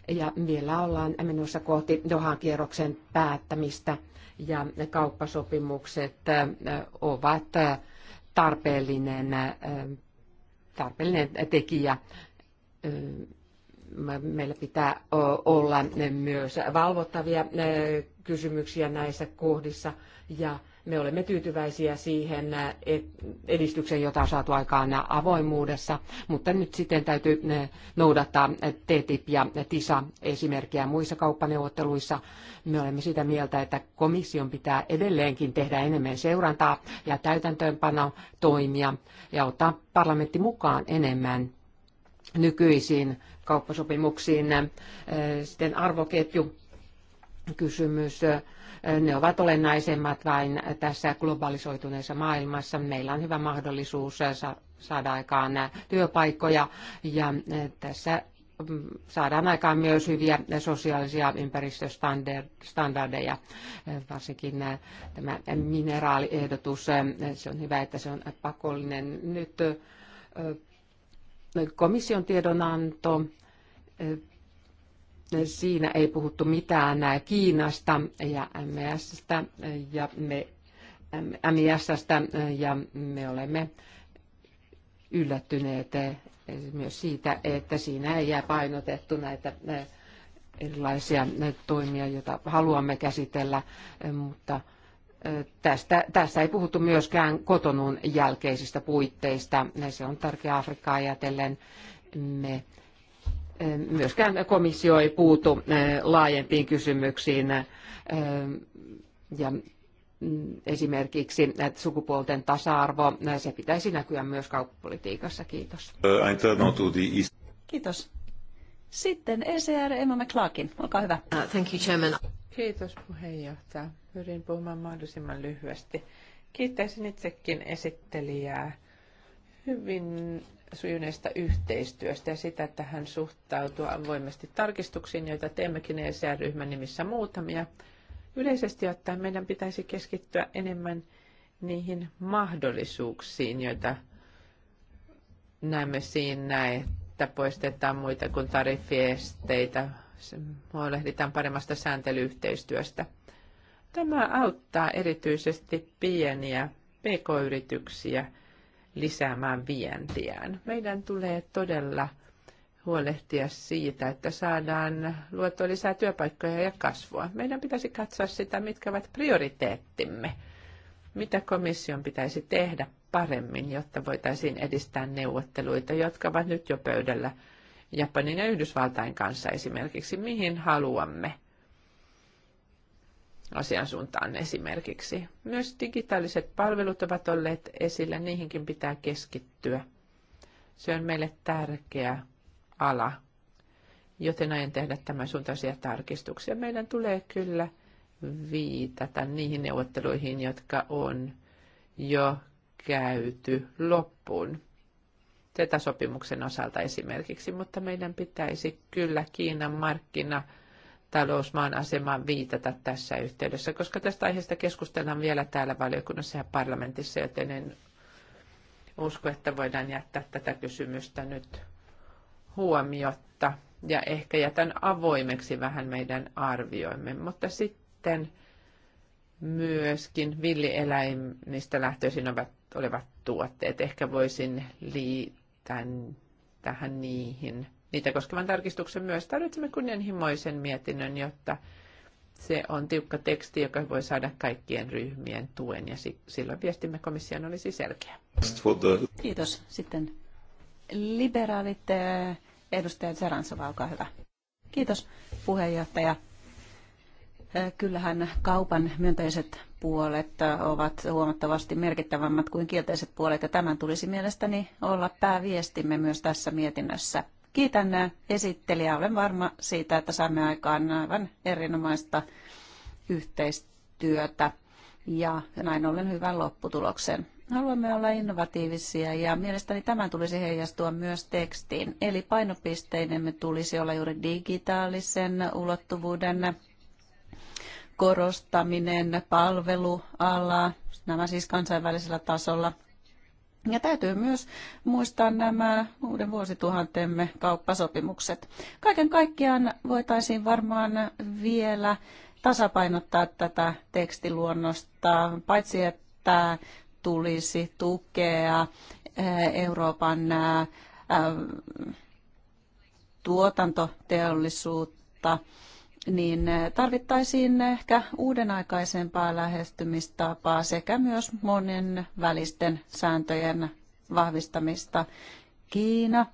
ja vielä ollaan menossa kohti Dohan kierroksen päättämistä ja kauppasopimukset ovat tarpeellinen, tarpeellinen tekijä meillä pitää olla myös valvottavia kysymyksiä näissä kohdissa ja me olemme tyytyväisiä siihen edistykseen, jota on saatu aikaan avoimuudessa, mutta nyt sitten täytyy noudattaa TTIP ja TISA esimerkkejä muissa kauppaneuvotteluissa. Me olemme sitä mieltä, että komission pitää edelleenkin tehdä enemmän seurantaa ja täytäntöönpano toimia ja ottaa parlamentti mukaan enemmän nykyisiin kauppasopimuksiin. Sitten arvoketju kysymys. Ne ovat olennaisemmat vain tässä globalisoituneessa maailmassa. Meillä on hyvä mahdollisuus saada aikaan työpaikkoja ja tässä saadaan aikaan myös hyviä sosiaalisia ympäristöstandardeja, varsinkin tämä mineraaliehdotus. Se on hyvä, että se on pakollinen. Nyt komission tiedonanto Siinä ei puhuttu mitään Kiinasta ja MSstä ja me, MISstä ja me olemme yllättyneet eh, myös siitä, että siinä ei jää painotettu näitä eh, erilaisia eh, toimia, joita haluamme käsitellä, mutta tästä, tässä ei puhuttu myöskään kotonun jälkeisistä puitteista. Se on tärkeä Afrikkaa ajatellen. Me myöskään komissio ei puutu laajempiin kysymyksiin ja mm, esimerkiksi että sukupuolten tasa-arvo, se pitäisi näkyä myös kauppapolitiikassa. Kiitos. Uh, Kiitos. Sitten ECR Emma McClarkin, olkaa hyvä. Uh, thank you, Chairman. Kiitos puheenjohtaja. Pyrin puhumaan mahdollisimman lyhyesti. Kiittäisin itsekin esittelijää hyvin sujuneesta yhteistyöstä ja sitä, että hän suhtautuu avoimesti tarkistuksiin, joita teemmekin esr ryhmän nimissä muutamia. Yleisesti ottaen meidän pitäisi keskittyä enemmän niihin mahdollisuuksiin, joita näemme siinä, että poistetaan muita kuin tariffiesteitä, huolehditaan paremmasta sääntelyyhteistyöstä. Tämä auttaa erityisesti pieniä pk-yrityksiä – lisäämään vientiään. Meidän tulee todella huolehtia siitä, että saadaan luotua lisää työpaikkoja ja kasvua. Meidän pitäisi katsoa sitä, mitkä ovat prioriteettimme. Mitä komission pitäisi tehdä paremmin, jotta voitaisiin edistää neuvotteluita, jotka ovat nyt jo pöydällä Japanin ja Yhdysvaltain kanssa esimerkiksi, mihin haluamme asian suuntaan esimerkiksi. Myös digitaaliset palvelut ovat olleet esillä, niihinkin pitää keskittyä. Se on meille tärkeä ala, joten aion tehdä tämän suuntaisia tarkistuksia. Meidän tulee kyllä viitata niihin neuvotteluihin, jotka on jo käyty loppuun. Tätä sopimuksen osalta esimerkiksi, mutta meidän pitäisi kyllä Kiinan markkina talousmaan asemaan viitata tässä yhteydessä, koska tästä aiheesta keskustellaan vielä täällä valiokunnassa ja parlamentissa, joten en usko, että voidaan jättää tätä kysymystä nyt huomiotta. Ja ehkä jätän avoimeksi vähän meidän arvioimme, mutta sitten myöskin villieläimistä lähtöisin ovat, olevat tuotteet. Ehkä voisin liittää tähän niihin – niitä koskevan tarkistuksen myös. Tarvitsemme kunnianhimoisen mietinnön, jotta se on tiukka teksti, joka voi saada kaikkien ryhmien tuen ja silloin viestimme komission olisi selkeä. Kiitos. Sitten liberaalit, eh, edustaja Zaransova, olkaa hyvä. Kiitos puheenjohtaja. Eh, kyllähän kaupan myönteiset puolet eh, ovat huomattavasti merkittävämmät kuin kielteiset puolet, ja tämän tulisi mielestäni olla pääviestimme myös tässä mietinnössä. Kiitän esittelijää. Olen varma siitä, että saamme aikaan aivan erinomaista yhteistyötä ja näin ollen hyvän lopputuloksen. Haluamme olla innovatiivisia ja mielestäni tämän tulisi heijastua myös tekstiin. Eli painopisteinemme tulisi olla juuri digitaalisen ulottuvuuden korostaminen, palveluala, nämä siis kansainvälisellä tasolla, ja täytyy myös muistaa nämä uuden vuosituhantemme kauppasopimukset. Kaiken kaikkiaan voitaisiin varmaan vielä tasapainottaa tätä tekstiluonnosta, paitsi että tulisi tukea eh, Euroopan eh, tuotantoteollisuutta, niin eh, tarvittaisiin ehkä uudenaikaisempaa lähestymistapaa sekä myös monen välisten sääntöjen vahvistamista. Kiina,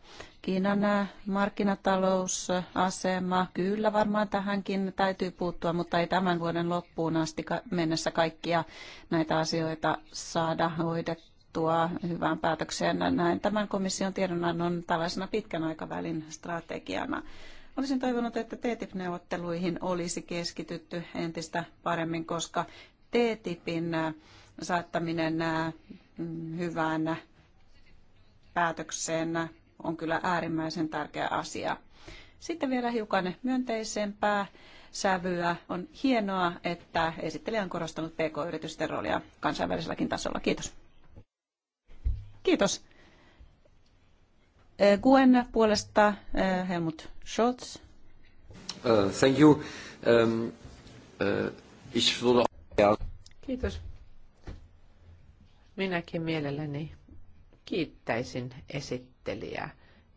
Kiinan eh, markkinatalousasema, kyllä varmaan tähänkin täytyy puuttua, mutta ei tämän vuoden loppuun asti mennessä kaikkia näitä asioita saada hoidettua hyvään päätökseen. Näin tämän komission tiedonannon tällaisena pitkän aikavälin strategiana. Olisin toivonut, että TTIP-neuvotteluihin olisi keskitytty entistä paremmin, koska TTIPin äh, saattaminen äh, hyvään päätökseen äh, on kyllä äärimmäisen tärkeä asia. Sitten vielä hiukan myönteisempää sävyä. On hienoa, että esittelijä on korostanut PK-yritysten roolia kansainväliselläkin tasolla. Kiitos. Kiitos. Eh, Guen puolesta eh, Helmut Scholz. Uh, thank you. Um, uh, Kiitos. Minäkin mielelläni kiittäisin esittelijää,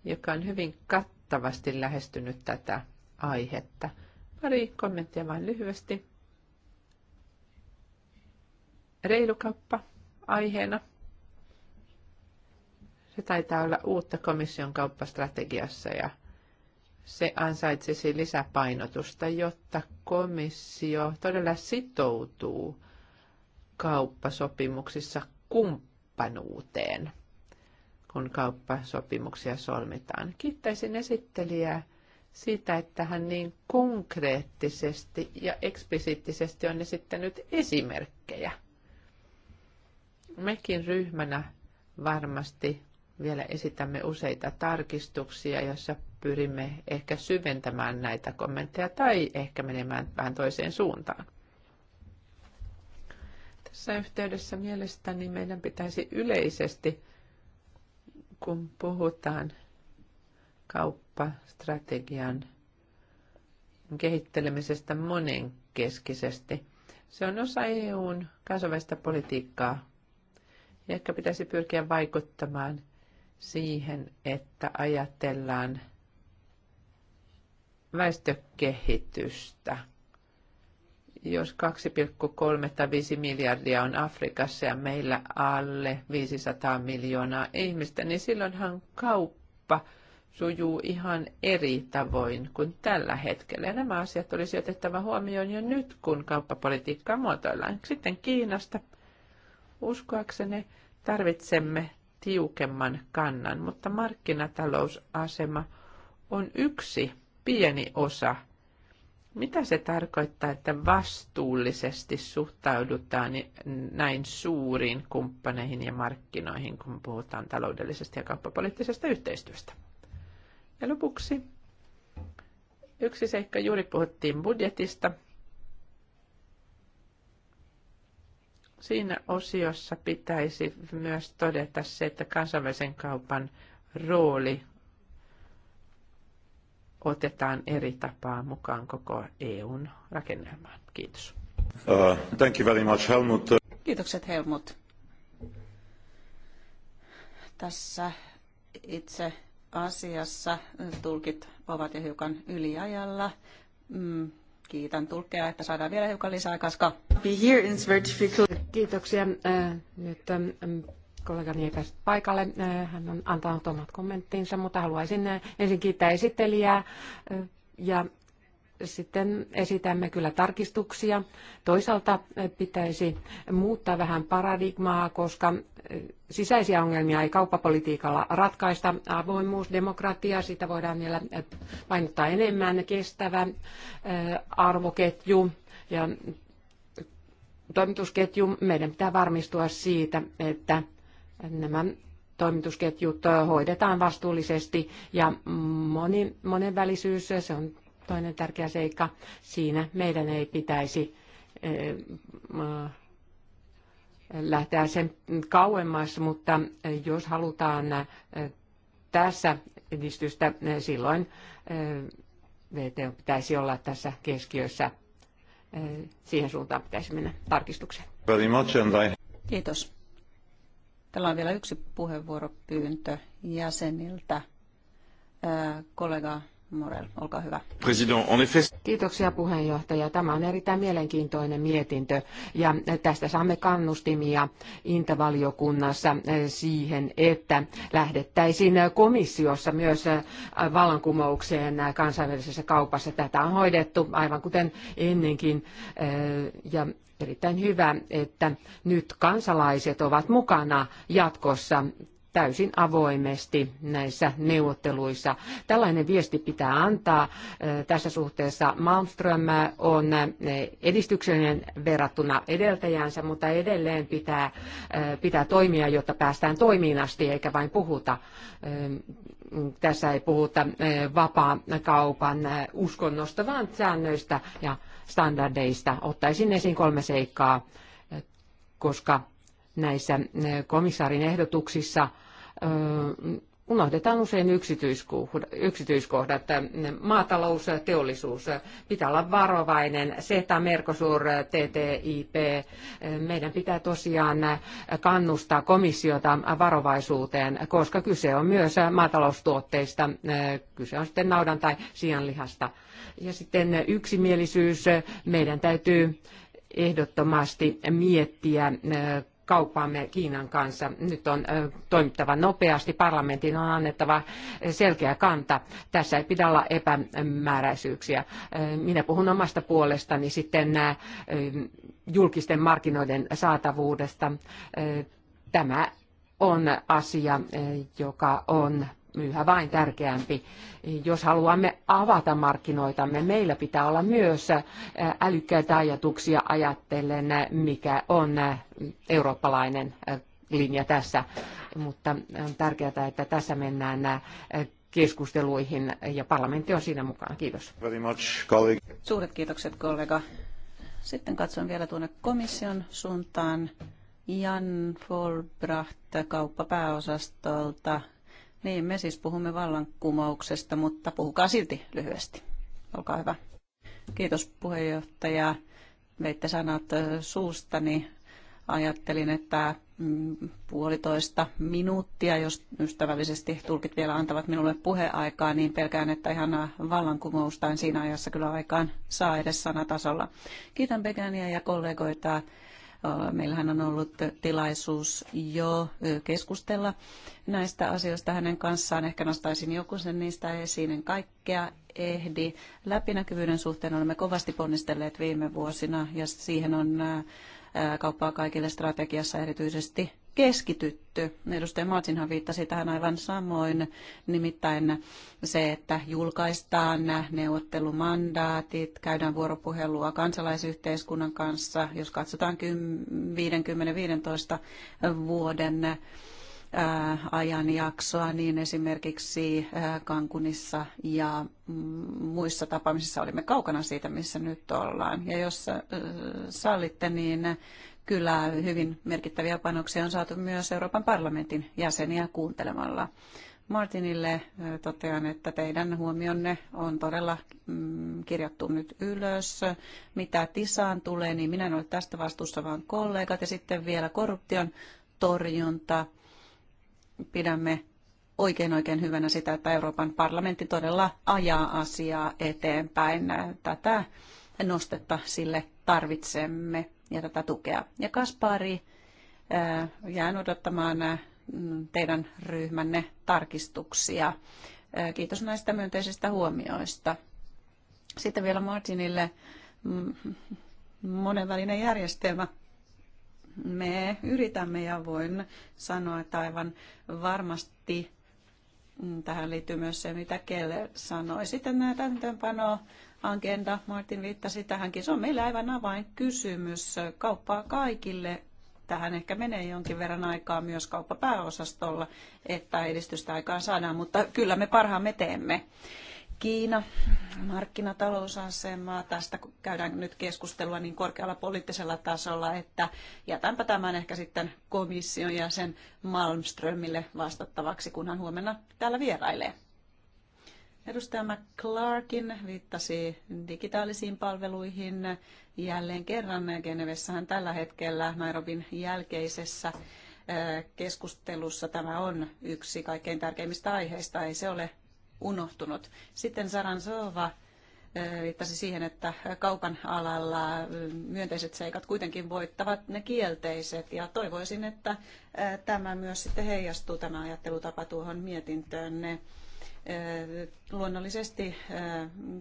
joka on hyvin kattavasti lähestynyt tätä aihetta. Pari kommenttia vain lyhyesti. Reilukauppa aiheena se taitaa olla uutta komission kauppastrategiassa ja se ansaitsisi lisäpainotusta, jotta komissio todella sitoutuu kauppasopimuksissa kumppanuuteen, kun kauppasopimuksia solmitaan. Kiittäisin esittelijää siitä, että hän niin konkreettisesti ja eksplisiittisesti on esittänyt esimerkkejä. Mekin ryhmänä varmasti vielä esitämme useita tarkistuksia, joissa pyrimme ehkä syventämään näitä kommentteja tai ehkä menemään vähän toiseen suuntaan. Tässä yhteydessä mielestäni meidän pitäisi yleisesti, kun puhutaan kauppastrategian kehittelemisestä monenkeskisesti, se on osa EUn kansainvälistä politiikkaa ja ehkä pitäisi pyrkiä vaikuttamaan – siihen, että ajatellaan väestökehitystä. Jos 2,3 tai 5 miljardia on Afrikassa ja meillä alle 500 miljoonaa ihmistä, niin silloinhan kauppa sujuu ihan eri tavoin kuin tällä hetkellä. Ja nämä asiat olisi otettava huomioon jo nyt, kun kauppapolitiikkaa muotoillaan. Sitten Kiinasta. Uskoakseni tarvitsemme tiukemman kannan, mutta markkinatalousasema on yksi pieni osa. Mitä se tarkoittaa, että vastuullisesti suhtaudutaan näin suuriin kumppaneihin ja markkinoihin, kun puhutaan taloudellisesta ja kauppapoliittisesta yhteistyöstä? Ja lopuksi yksi seikka, juuri puhuttiin budjetista – Siinä osiossa pitäisi myös todeta se, että kansainvälisen kaupan rooli otetaan eri tapaa mukaan koko EUn rakennelmaan. Kiitos. Uh, thank you very much, Helmut. Kiitokset Helmut. Tässä itse asiassa tulkit ovat jo hiukan yliajalla. Mm, kiitän tulkkeja, että saadaan vielä hiukan lisää, koska... Be here in Kiitoksia. Äh, nyt ähm, kollegani ei päässyt paikalle. Äh, hän on antanut omat kommenttinsa, mutta haluaisin äh, ensin kiittää esittelijää ja sitten esitämme kyllä tarkistuksia. Toisaalta pitäisi muuttaa vähän paradigmaa, koska sisäisiä ongelmia ei kauppapolitiikalla ratkaista. Avoimuus, demokratia, sitä voidaan vielä painottaa enemmän, kestävä arvoketju ja toimitusketju, meidän pitää varmistua siitä, että nämä toimitusketjut hoidetaan vastuullisesti ja moni, monenvälisyys, se on toinen tärkeä seikka. Siinä meidän ei pitäisi eh, eh, lähteä sen kauemmas, mutta jos halutaan eh, tässä edistystä, silloin VTO pitäisi olla tässä keskiössä siihen suuntaan pitäisi mennä tarkistukseen. Kiitos. Täällä on vielä yksi puheenvuoropyyntö jäseniltä. Kollega Morel, olkaa hyvä. Kiitoksia puheenjohtaja. Tämä on erittäin mielenkiintoinen mietintö ja tästä saamme kannustimia Intavaliokunnassa siihen, että lähdettäisiin komissiossa myös vallankumoukseen kansainvälisessä kaupassa. Tätä on hoidettu aivan kuten ennenkin ja erittäin hyvä, että nyt kansalaiset ovat mukana jatkossa täysin avoimesti näissä neuvotteluissa. Tällainen viesti pitää antaa. Tässä suhteessa Malmström on edistyksellinen verrattuna edeltäjänsä, mutta edelleen pitää, pitää toimia, jotta päästään toimiin asti, eikä vain puhuta. Tässä ei puhuta vapaa kaupan uskonnosta, vaan säännöistä ja standardeista. Ottaisin esiin kolme seikkaa, koska näissä komissaarin ehdotuksissa unohdetaan usein yksityiskohdat. Maatalous, teollisuus, pitää olla varovainen, CETA, Mercosur, TTIP. Meidän pitää tosiaan kannustaa komissiota varovaisuuteen, koska kyse on myös maataloustuotteista, kyse on sitten naudan tai sianlihasta. Ja sitten yksimielisyys, meidän täytyy ehdottomasti miettiä kauppaamme Kiinan kanssa. Nyt on toimittava nopeasti. Parlamentin on annettava selkeä kanta. Tässä ei pidä olla epämääräisyyksiä. Minä puhun omasta puolestani sitten julkisten markkinoiden saatavuudesta. Tämä on asia, joka on yhä vain tärkeämpi. Jos haluamme avata markkinoitamme, meillä pitää olla myös älykkäitä ajatuksia ajattelen, mikä on eurooppalainen linja tässä. Mutta on tärkeää, että tässä mennään keskusteluihin ja parlamentti on siinä mukaan Kiitos. Much, Suuret kiitokset kollega. Sitten katson vielä tuonne komission suuntaan. Jan Volbracht kauppapääosastolta niin, me siis puhumme vallankumouksesta, mutta puhukaa silti lyhyesti. Olkaa hyvä. Kiitos puheenjohtaja. Veitte sanat suustani. Ajattelin, että mm, puolitoista minuuttia, jos ystävällisesti tulkit vielä antavat minulle puheaikaa, niin pelkään, että ihan vallankumousta en siinä ajassa kyllä aikaan saa edes sanatasolla. Kiitän Begania ja kollegoita Meillähän on ollut tilaisuus jo keskustella näistä asioista hänen kanssaan. Ehkä nostaisin joku sen niistä esiin. En kaikkea ehdi. Läpinäkyvyyden suhteen olemme kovasti ponnistelleet viime vuosina ja siihen on kauppaa kaikille strategiassa erityisesti keskitytty. Edustaja Maatsinhan viittasi tähän aivan samoin, nimittäin se, että julkaistaan neuvottelumandaatit, käydään vuoropuhelua kansalaisyhteiskunnan kanssa, jos katsotaan 50-15 vuoden ajanjaksoa, niin esimerkiksi Kankunissa ja mm, muissa tapaamisissa olimme kaukana siitä, missä nyt ollaan. Ja jos sallitte, niin kyllä hyvin merkittäviä panoksia on saatu myös Euroopan parlamentin jäseniä kuuntelemalla. Martinille totean, että teidän huomionne on todella mm, kirjattu nyt ylös. Mitä tisaan tulee, niin minä en ole tästä vastuussa, vaan kollegat. Ja sitten vielä korruption torjunta. Pidämme oikein oikein hyvänä sitä, että Euroopan parlamentti todella ajaa asiaa eteenpäin. Tätä nostetta sille tarvitsemme ja tätä tukea. Ja Kaspari, äh, jään odottamaan äh, teidän ryhmänne tarkistuksia. Äh, kiitos näistä myönteisistä huomioista. Sitten vielä Martinille mm, monenvälinen järjestelmä. Me yritämme ja voin sanoa, että aivan varmasti mm, tähän liittyy myös se, mitä Kelle sanoi. Sitten nämä täytäntöönpano agenda, Martin viittasi tähänkin, se on meillä aivan avainkysymys. Kauppaa kaikille tähän ehkä menee jonkin verran aikaa myös kauppapääosastolla, että edistystä aikaan saadaan, mutta kyllä me parhaamme teemme. Kiina, markkinatalousasema, tästä käydään nyt keskustelua niin korkealla poliittisella tasolla, että jätänpä tämän ehkä sitten komission jäsen Malmströmille vastattavaksi, kunhan huomenna täällä vierailee. Edustaja McClarkin viittasi digitaalisiin palveluihin jälleen kerran. Genevessähän tällä hetkellä Nairobin jälkeisessä eh, keskustelussa tämä on yksi kaikkein tärkeimmistä aiheista. Ei se ole unohtunut. Sitten Saran Sova eh, viittasi siihen, että kaupan alalla eh, myönteiset seikat kuitenkin voittavat ne kielteiset. Ja toivoisin, että tämä myös sitten heijastuu tämä ajattelutapa tuohon mietintöönne. Luonnollisesti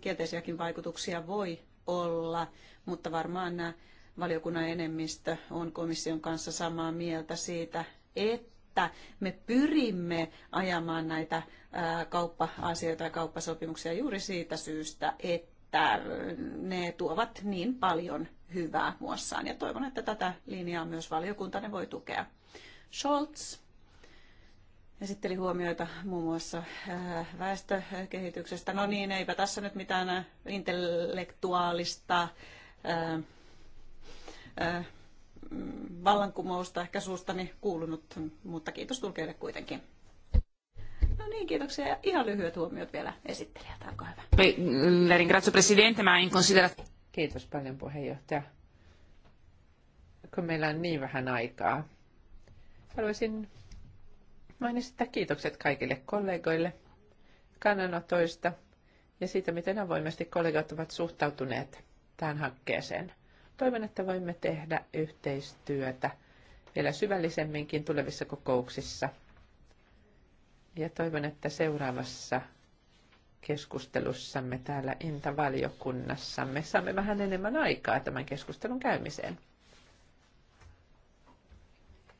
kielteisiäkin vaikutuksia voi olla, mutta varmaan nämä valiokunnan enemmistö on komission kanssa samaa mieltä siitä, että me pyrimme ajamaan näitä kauppa-asioita ja kauppasopimuksia juuri siitä syystä, että ne tuovat niin paljon hyvää muassaan. Ja toivon, että tätä linjaa myös valiokunta ne voi tukea. Scholz esitteli huomioita muun muassa äh, väestökehityksestä. No niin, eipä tässä nyt mitään äh, intellektuaalista äh, vallankumousta ehkä suustani kuulunut, mutta kiitos tulkeille kuitenkin. No niin, kiitoksia. Ja ihan lyhyet huomiot vielä esittelijältä, olkaa hyvä. La ringrazio presidente, ma in Kiitos paljon puheenjohtaja. Kun meillä on niin vähän aikaa, haluaisin Voin kiitokset kaikille kollegoille kannanotoista ja siitä, miten avoimesti kollegat ovat suhtautuneet tähän hankkeeseen. Toivon, että voimme tehdä yhteistyötä vielä syvällisemminkin tulevissa kokouksissa. Ja toivon, että seuraavassa keskustelussamme täällä inta saamme vähän enemmän aikaa tämän keskustelun käymiseen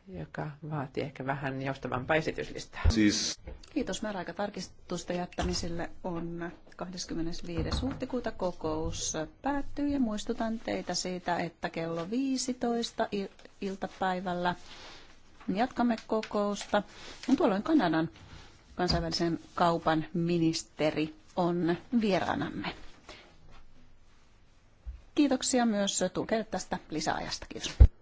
joka vaatii ehkä vähän joustavampaa esityslistaa. Siis. Kiitos. Määräaika tarkistusta jättämiselle on 25. huhtikuuta kokous päättyy ja muistutan teitä siitä, että kello 15 iltapäivällä jatkamme kokousta. Tuolloin Kanadan kansainvälisen kaupan ministeri on vieraanamme. Kiitoksia myös tukea tästä lisäajasta. Kiitos.